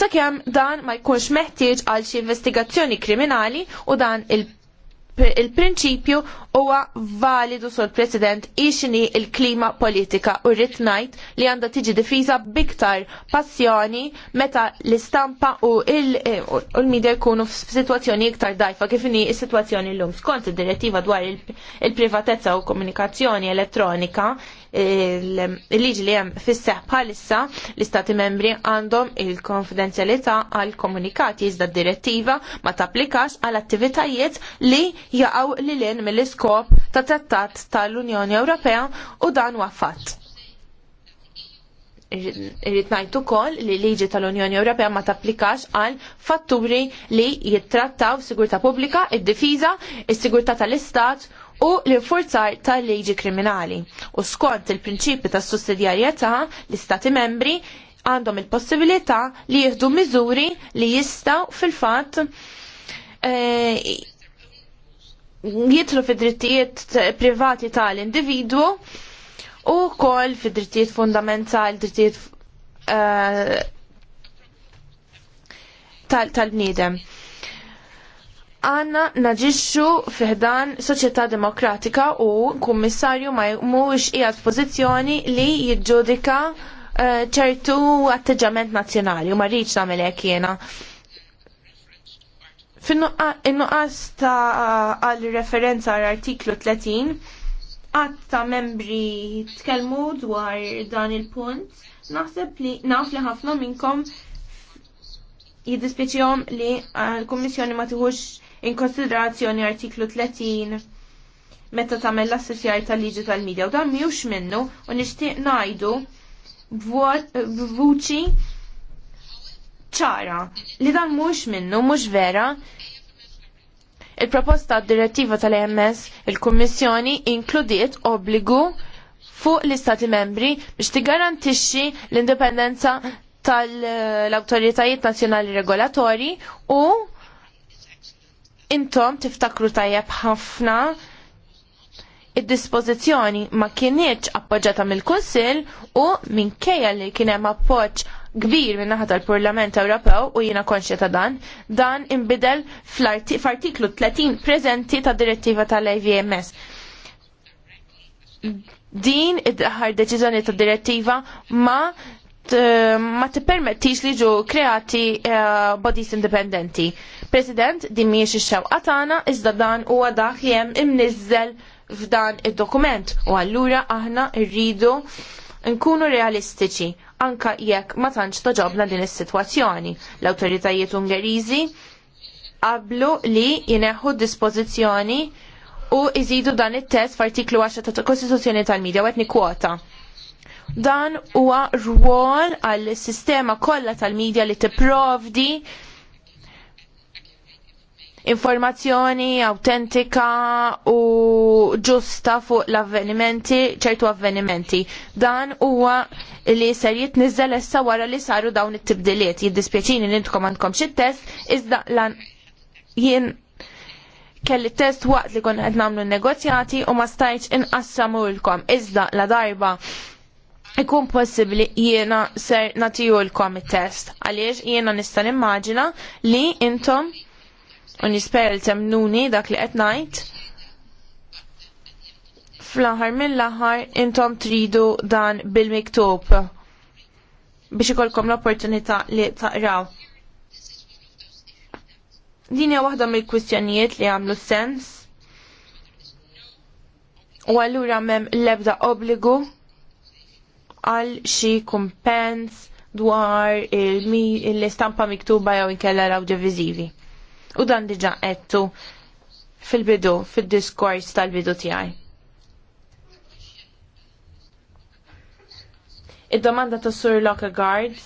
sakemm dan ma jkunx meħtieġ għal xi investigazzjoni kriminali u dan il il-prinċipju huwa validu sur President ixini il-klima politika u rrit ngħid li għandha tiġi difiża biktar passjoni meta l-istampa u l e, media jkunu f'sitwazzjoni iktar dajfa kif inhi situazzjoni sitwazzjoni llum. Skont id-direttiva dwar il-privatezza u komunikazzjoni elettronika il-liġi li hemm fis palissa bħalissa l-istati membri għandhom il-konfidenzjalità għal komunikati iżda d-direttiva ma tapplikax għal attivitajiet li jaqgħu in mill-iskun skop ta' trattat tal-Unjoni Ewropea u dan huwa fatt. Irrid ngħid ukoll li liġi tal-Unjoni Ewropea ma tapplikax għal fatturi li jittrattaw sigurtà pubblika, id-difiża, is-sigurtà tal-Istat u l-infurzar tal-liġi kriminali. U skont il-prinċipi tas sussidjarjetà l-Istati membri għandhom il-possibilità li jieħdu miżuri li jistgħu fil-fatt eh, jitru fid-drittijiet privati tal-individwu u kol fid-drittijiet fundamentali, drittijiet uh, tal-bniedem. Tal Għanna naġiċu fiħdan soċjetà demokratika u kummissarju ma jmux ijad pozizjoni li jidġudika eh, ċertu uh, atteġġament nazjonali u marriċ namelek jena. Fin-nuqqas ta' għal referenza għal artiklu 30, għat ta' membri tkellmu dwar dan il-punt, naħseb li naf li ħafna minnkom jiddispjaċihom li l-Kummissjoni ma tieħux in konsiderazzjoni artiklu 30 meta tagħmel l-assessjar tal-liġi tal-medja u dan mhijiex minnu u nixtieq ngħidu b'vuċi ċara li dan mhux minnu mhux vera Il-proposta direttiva tal-EMS il-Kummissjoni inkludiet obbligu fuq l-Istati membri biex tigarantixxi l-indipendenza tal-autoritajiet nazzjonali regolatori u intom tiftakru tajjeb ħafna id-dispożizzjoni ma kienieċ appoġġata mill-Kunsill u minkejja li kien hemm appoġġ kbir minn naħa tal-Parlament Ewropew u jiena konxja ta' dan, dan imbidel f'artiklu 30 preżenti ta' direttiva tal-AVMS. Din id daħar deċiżjoni ta' direttiva ma ma tippermettix li ġu kreati eh, bodies indipendenti. President, din miex ix-xewqa tagħna iżda dan huwa dak jem imnizzel f'dan id-dokument u allura aħna rridu nkunu realistiċi anka jekk ma tantx toġobna din is-sitwazzjoni. L-awtoritajiet Ungeriżi qablu li jineħħu dispożizzjoni u iżidu dan it-test f'artiklu 10 ta' Kostituzzjoni tal-Midja wetni kwota. Dan huwa rwol għall sistema kollha tal midja li tipprovdi informazzjoni autentika u ġusta fuq l-avvenimenti, ċertu avvenimenti. Dan huwa li ser jitnizzel issa wara li saru dawn it-tibdiliet. Jiddispjaċini nintkom għandkom xi test, iżda lan jien kelli test waqt li kon qed nagħmlu negozjati u ma stajtx inqassamulkom. Iżda la darba ikun possibbli jiena ser natijulkom it-test. Għaliex jiena nista' nimmaġina li intom u nisper temnuni dak li qed ngħid. Fl-aħħar mill-aħħar intom tridu dan bil-miktub biex ikolkom l-opportunità li taqraw. Din hija waħda mill-kwistjonijiet li għamlu sens. U allura m'hemm l-ebda obbligu għal xi kumpens dwar l-istampa miktuba jew inkella l-awdjovizivi u dan diġa qettu fil-bidu, fil-diskors tal-bidu tiegħi. Id-domanda ta' Sur Lockergard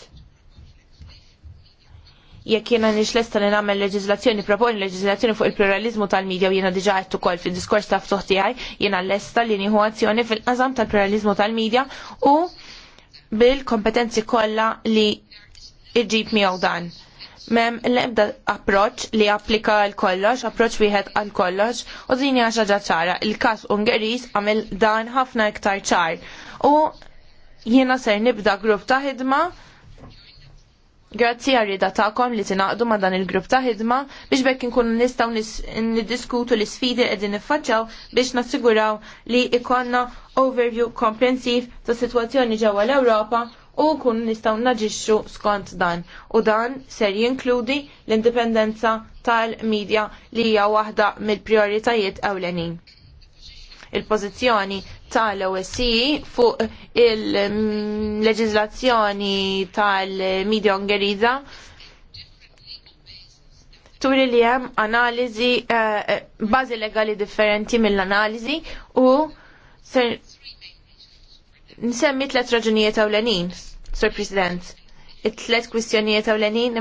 jekk jiena nix lesta li nagħmel leġizlazzjoni, proponi leġiżlazzjoni fuq il-pluralizmu tal-medja u jiena diġa għettu ukoll fid-diskors ta' ftuħ tiegħi jiena lesta li nieħu azzjoni fil-qasam tal-pluralizmu tal-medja u bil-kompetenzi kollha li iġib miegħu dan mem l-ebda approċ li applika l-kollox, approċ wieħed għal-kollox, u dini għaxa xaġa ċara. Il-każ Ungeris għamil dan ħafna iktar ċar. U jiena ser nibda grupp ta' ħidma Grazzi għarrida ta'kom li t-naqdu ma dan il-grupp ta' ħidma biex bekk nkun nistaw niddiskutu l-sfidi qegħdin niffaċċaw biex nassiguraw li ikonna overview komprensiv ta' situazzjoni ġewwa l-Ewropa u kun nistaw naġixxu skont dan. U dan ser jinkludi l-indipendenza tal-medja li hija waħda mill-prioritajiet ewlenin. Il-pożizzjoni tal-OSCE fuq il-leġizlazzjoni tal-medja Ungeriża turi li hemm analiżi uh, bażi legali differenti mill-analiżi u ser Nsemmi tlet raġunijiet ewlenin, Sur President. It-tlet kwistjonijiet ewlenin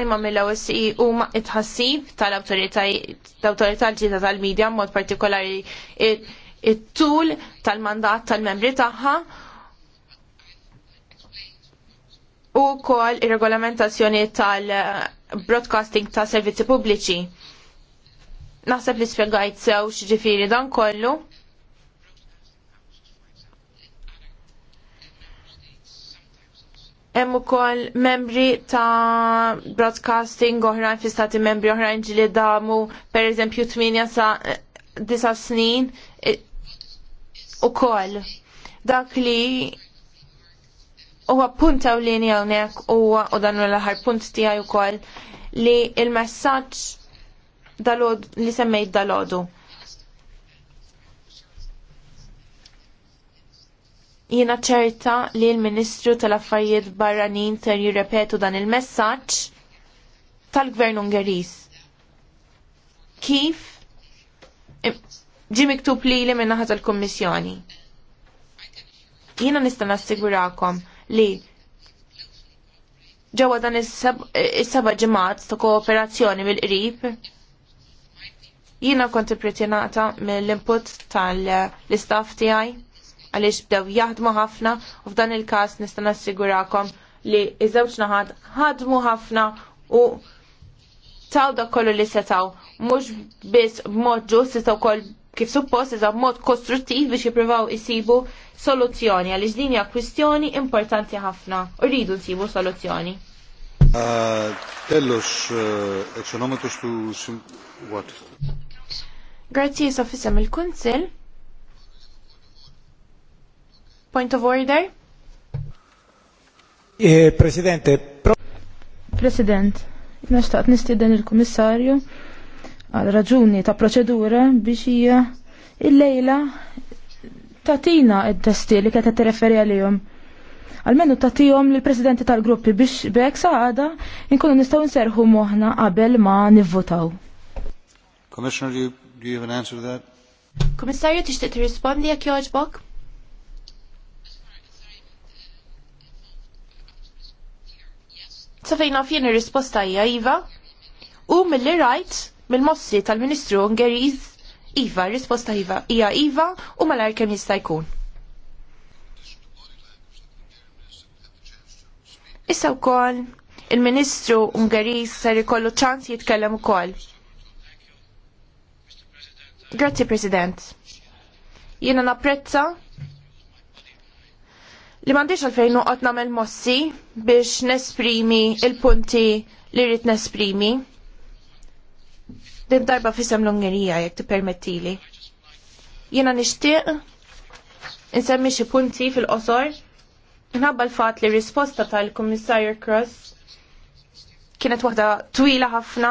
imma mill-OSCE huma ma itħassib tal-awtorità ġita tal-medja mod partikolari it-tul tal-mandat tal-membri tagħha u kol ir-regolamentazzjoni tal-broadcasting ta' servizzi pubbliċi. Naħseb li spjegajt sew x'ġifieri dan kollu Hemm ukoll membri ta' broadcasting oħrajn fi stati membri oħrajn ġili damu pereżempju tminja sa eh, disa' snin eh, ukoll. Dak li huwa punt ewlieni hawnhekk huwa u dan l-aħħar punt tiegħi wkoll li l messaġġ li semmejt dalodu Jiena ċerta li l-Ministru tal-Affarijiet Barranin ser jirrepetu dan il-messaġġ tal-Gvern Ungeriż. Kif ġi miktub li li minna ħat l-kommissjoni. nista nassigurakom li ġewa dan is-seba ġemat ta' kooperazzjoni mill-qrib, Jiena kont imprezjonata mill-input tal-istaff tiegħi għaliex bdew jaħdmu ħafna u f'dan il-każ nista' nassigurakom li iż-żewġ naħat ħadmu ħafna u taw da kollu li setaw mhux biss b'mod ġust iżda koll kif suppost iżaw b'mod kostruttiv biex jippruvaw isibu soluzzjoni għaliex din hija kwistjoni importanti ħafna u rridu nsibu soluzzjoni. Uh, Tellux, uh, what? Grazie, Sofisem, il-Kunsil. Point of order? Eh, Presidente, pro... President, nistaqt nistieden il-Kummissarju għal raġuni ta' proċedura biex hija il-lejla tatina id-testi li kienet tirreferi għalihom. Almenu tagħtihom lill presidenti tal-gruppi biex b'hekk saħada nkunu nistgħu nserħu moħħna qabel ma nivvotaw. Commissioner, do you, do you have an answer to that? Komissarju, tixtieq tirrispondi jekk jogħġbok? Sa fejn naf jien ir-risposta hija iva. U mill rajt mill-mossi tal-Ministru Ungeriż Iva, risposta Iva, hija Iva u malar kemm jista' jkun. Issa wkoll il-Ministru Ungeriż ser ikollu ċans jitkellem ukoll. Grazzi President. Jiena napprezza li mandiċ għalfejn nuqot namel mossi biex nesprimi il-punti li rrit nesprimi. Din darba fissam l-Ungerija, jek t-permettili. Jena nishtiq, nsemmi xie punti fil-qosor, nħabba l-fat li risposta tal-Kommissarju Cross kienet waħda twila ħafna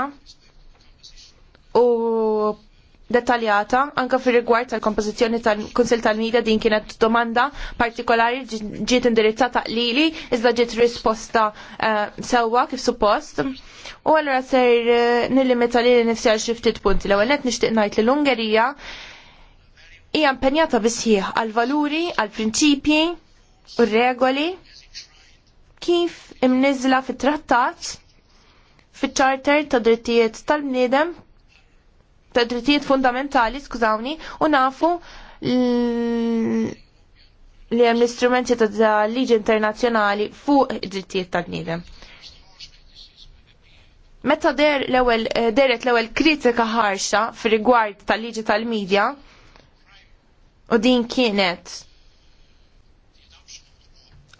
u dettaljata anka fir rigward tal-kompożizzjoni tal-Kunsil tal-Mida din kienet domanda partikolari ġiet indirizzata lili iżda ġiet risposta eh, sewwa kif suppost. U allura ser eh, nillimita lili nifsi għal xi ftit punti. L-ewwel qed nixtieq ngħid li l-Ungerija hija impenjata bisħieħ għal valuri, għal prinċipji u regoli kif imniżla fit-trattat fit-charter ta' drittijiet tal-bniedem ta' drittijiet fundamentali, skużawni, u nafu li hemm l-istrumenti ta' liġi internazzjonali fuq id-drittijiet tal-bniedem. Meta der l-ewwel eh, deret l-ewwel kritika ħarxa fir-rigward tal-liġi tal-medja u din kienet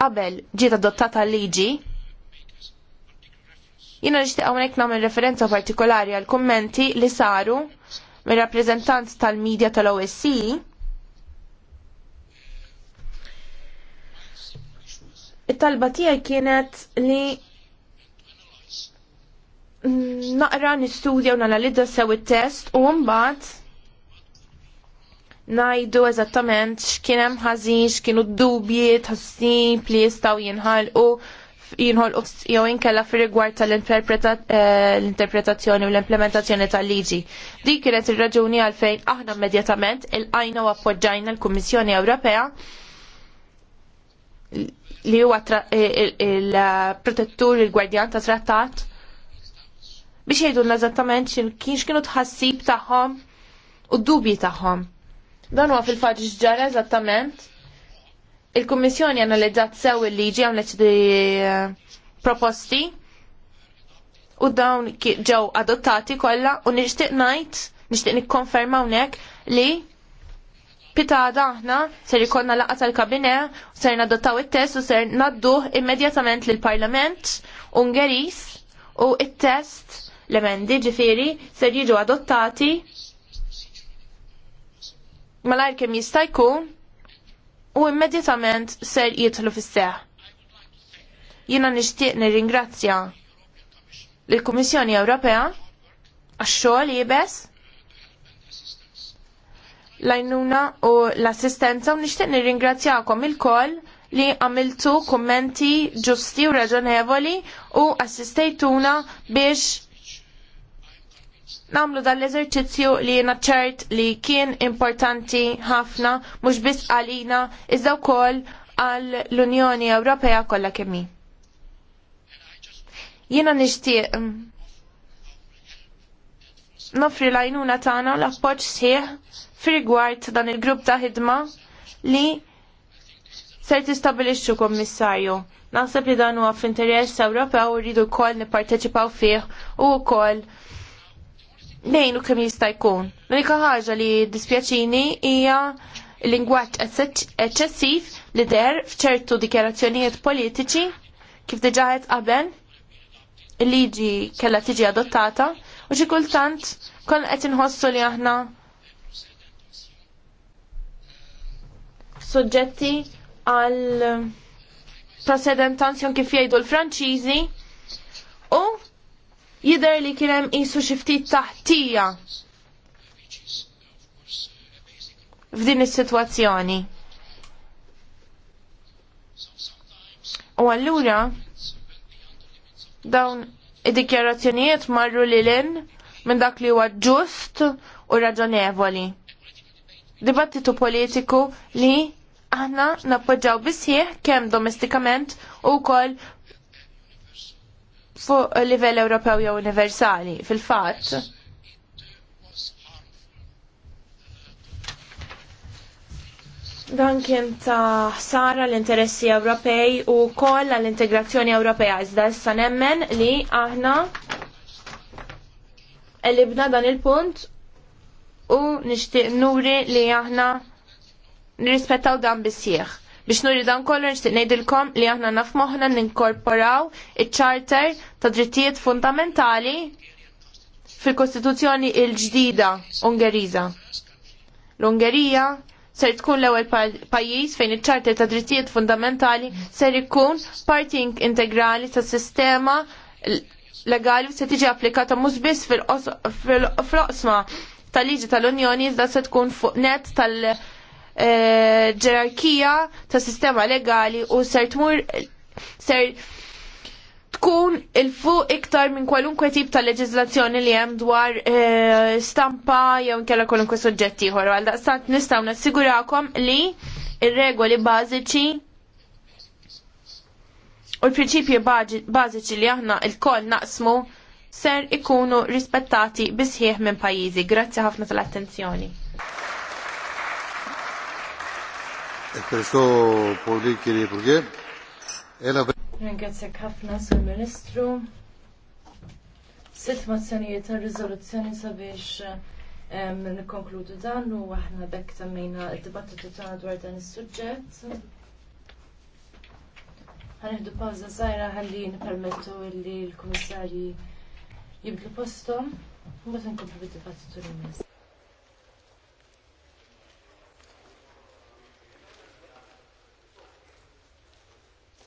qabel ġiet adottata liġi Jina nixtieq hawnhekk nagħmel referenza partikolari għal kummenti li saru mir rappreżentant tal-medja tal osc it-talba tiegħi kienet li naqra nistudja u nanalizza sew it-test u mbagħad ngħidu eżattament x'kien hemm ħażin, x'kienu d-dubji, tħassib li jistgħu jinħalqu jinħol jew inkella fir rigward tal-interpretazzjoni eh, u l-implementazzjoni tal-liġi. Dik kienet ir-raġuni għalfejn aħna immedjatament il-qajna u appoġġajna l-Kummissjoni Ewropea li huwa eh, il-protettur il-gwardjan ta' trattat biex jgħidulna eżattament kienx kienu tħassib tagħhom u d-dubji tagħhom. Dan huwa fil-faġġ ġara eżattament Il-Kummissjoni analizzat sew il-liġi għamlet proposti u dawn ġew adottati kollha u nixtieq ngħid, nixtieq nikkonferma hawnhekk li pitada aħna ser ikollna laqgħa tal-kabinet u ser nadottaw it-test u ser nadduh immedjatament lill parlament Ungeris u it-test l-emendi ġifieri ser jiġu adottati malajr kemm jista' jkun u immedjatament ser jidħlu fis seħħ Jiena nixtieq nirringrazzja lill-Kummissjoni Ewropea għax-xogħol jibes l-għajnuna u l-assistenza u nixtieq nirringrazzjakom ilkoll li għamiltu kummenti ġusti u raġonevoli u assistejtuna biex namlu dal-eżerċizzju li ċert li kien importanti ħafna mhux biss għalina iżda wkoll għall l-Unjoni Ewropea kollha kemm Jena Jiena nixtieq mm, nofri l-għajnuna tagħna l-appoġġ sħiħ fir dan il-grupp ta' ħidma li ser tistabilixxu kommissarju. Naħseb li dan huwa f'interess Ewropew u rridu wkoll nipparteċipaw fih u wkoll nejnu kemm jista' jkun. L-unika ħaġa li dispjaċini hija l-lingwaġġ eċċessiv li der f'ċertu dikjarazzjonijiet politiċi kif diġà qed qabel il-liġi kellha tiġi adottata u xi kultant kon qed inħossu li aħna soġġetti għal prosedentanzjon kif jgħidu l-Franċiżi u Jider li kienem jisu xiftit taħtija f'din is-sitwazzjoni. U allura dawn id-dikjarazzjonijiet marru li l minn dak li huwa ġust u raġonevoli. Dibattitu politiku li aħna nappoġġaw bisħieħ kemm domestikament u wkoll fuq livell Ewropew jew universali fil-fatt. Dan kien ta' sara l-interessi Ewropej u koll għall-integrazzjoni Ewropea. Iżda issa nemmen li aħna elibna dan il-punt u nixtieq nuri li aħna nirrispettaw dan bisieħ. Biex nuri dan kollu nixtieq ngħidilkom li aħna naf moħħna ninkorporaw iċ-charter ta' drittijiet fundamentali fil-Kostituzzjoni il-ġdida Ungeriża. L-Ungerija ser tkun l-ewwel pajjiż fejn iċ-charter ta' drittijiet fundamentali ser ikun parti integrali tas sistema legali se tiġi applikata mhux biss fil-oqsma tal-liġi tal-Unjoni iżda se tkun fuq net tal- Eh, ġerarkija ta' sistema legali u ser tmur ser tkun il-fuq iktar minn kwalunkwe tip ta' leġizlazzjoni li hemm dwar eh, stampa jew kella kwalunkwe soġġett ieħor. Għaldaqstant nistgħu nassigurakom li ir-regoli bażiċi u l-prinċipji bażiċi li aħna l kol naqsmu ser ikunu rispettati bisħieħ minn pajjiżi. Grazzi ħafna tal-attenzjoni. Ringrazzjak ħafna sur Ministru. Sitt mazzjonijiet ta' riżoluzzjoni sabiex nikkonkludu dan u aħna bekk temmejna d-dibattitu tagħna dwar dan is-suġġett. Ħanieħdu pawża żgħira ħalli nippermettu li l-Kummissarji jibdlu postom, mbagħad inkomplu bid-dibattitu li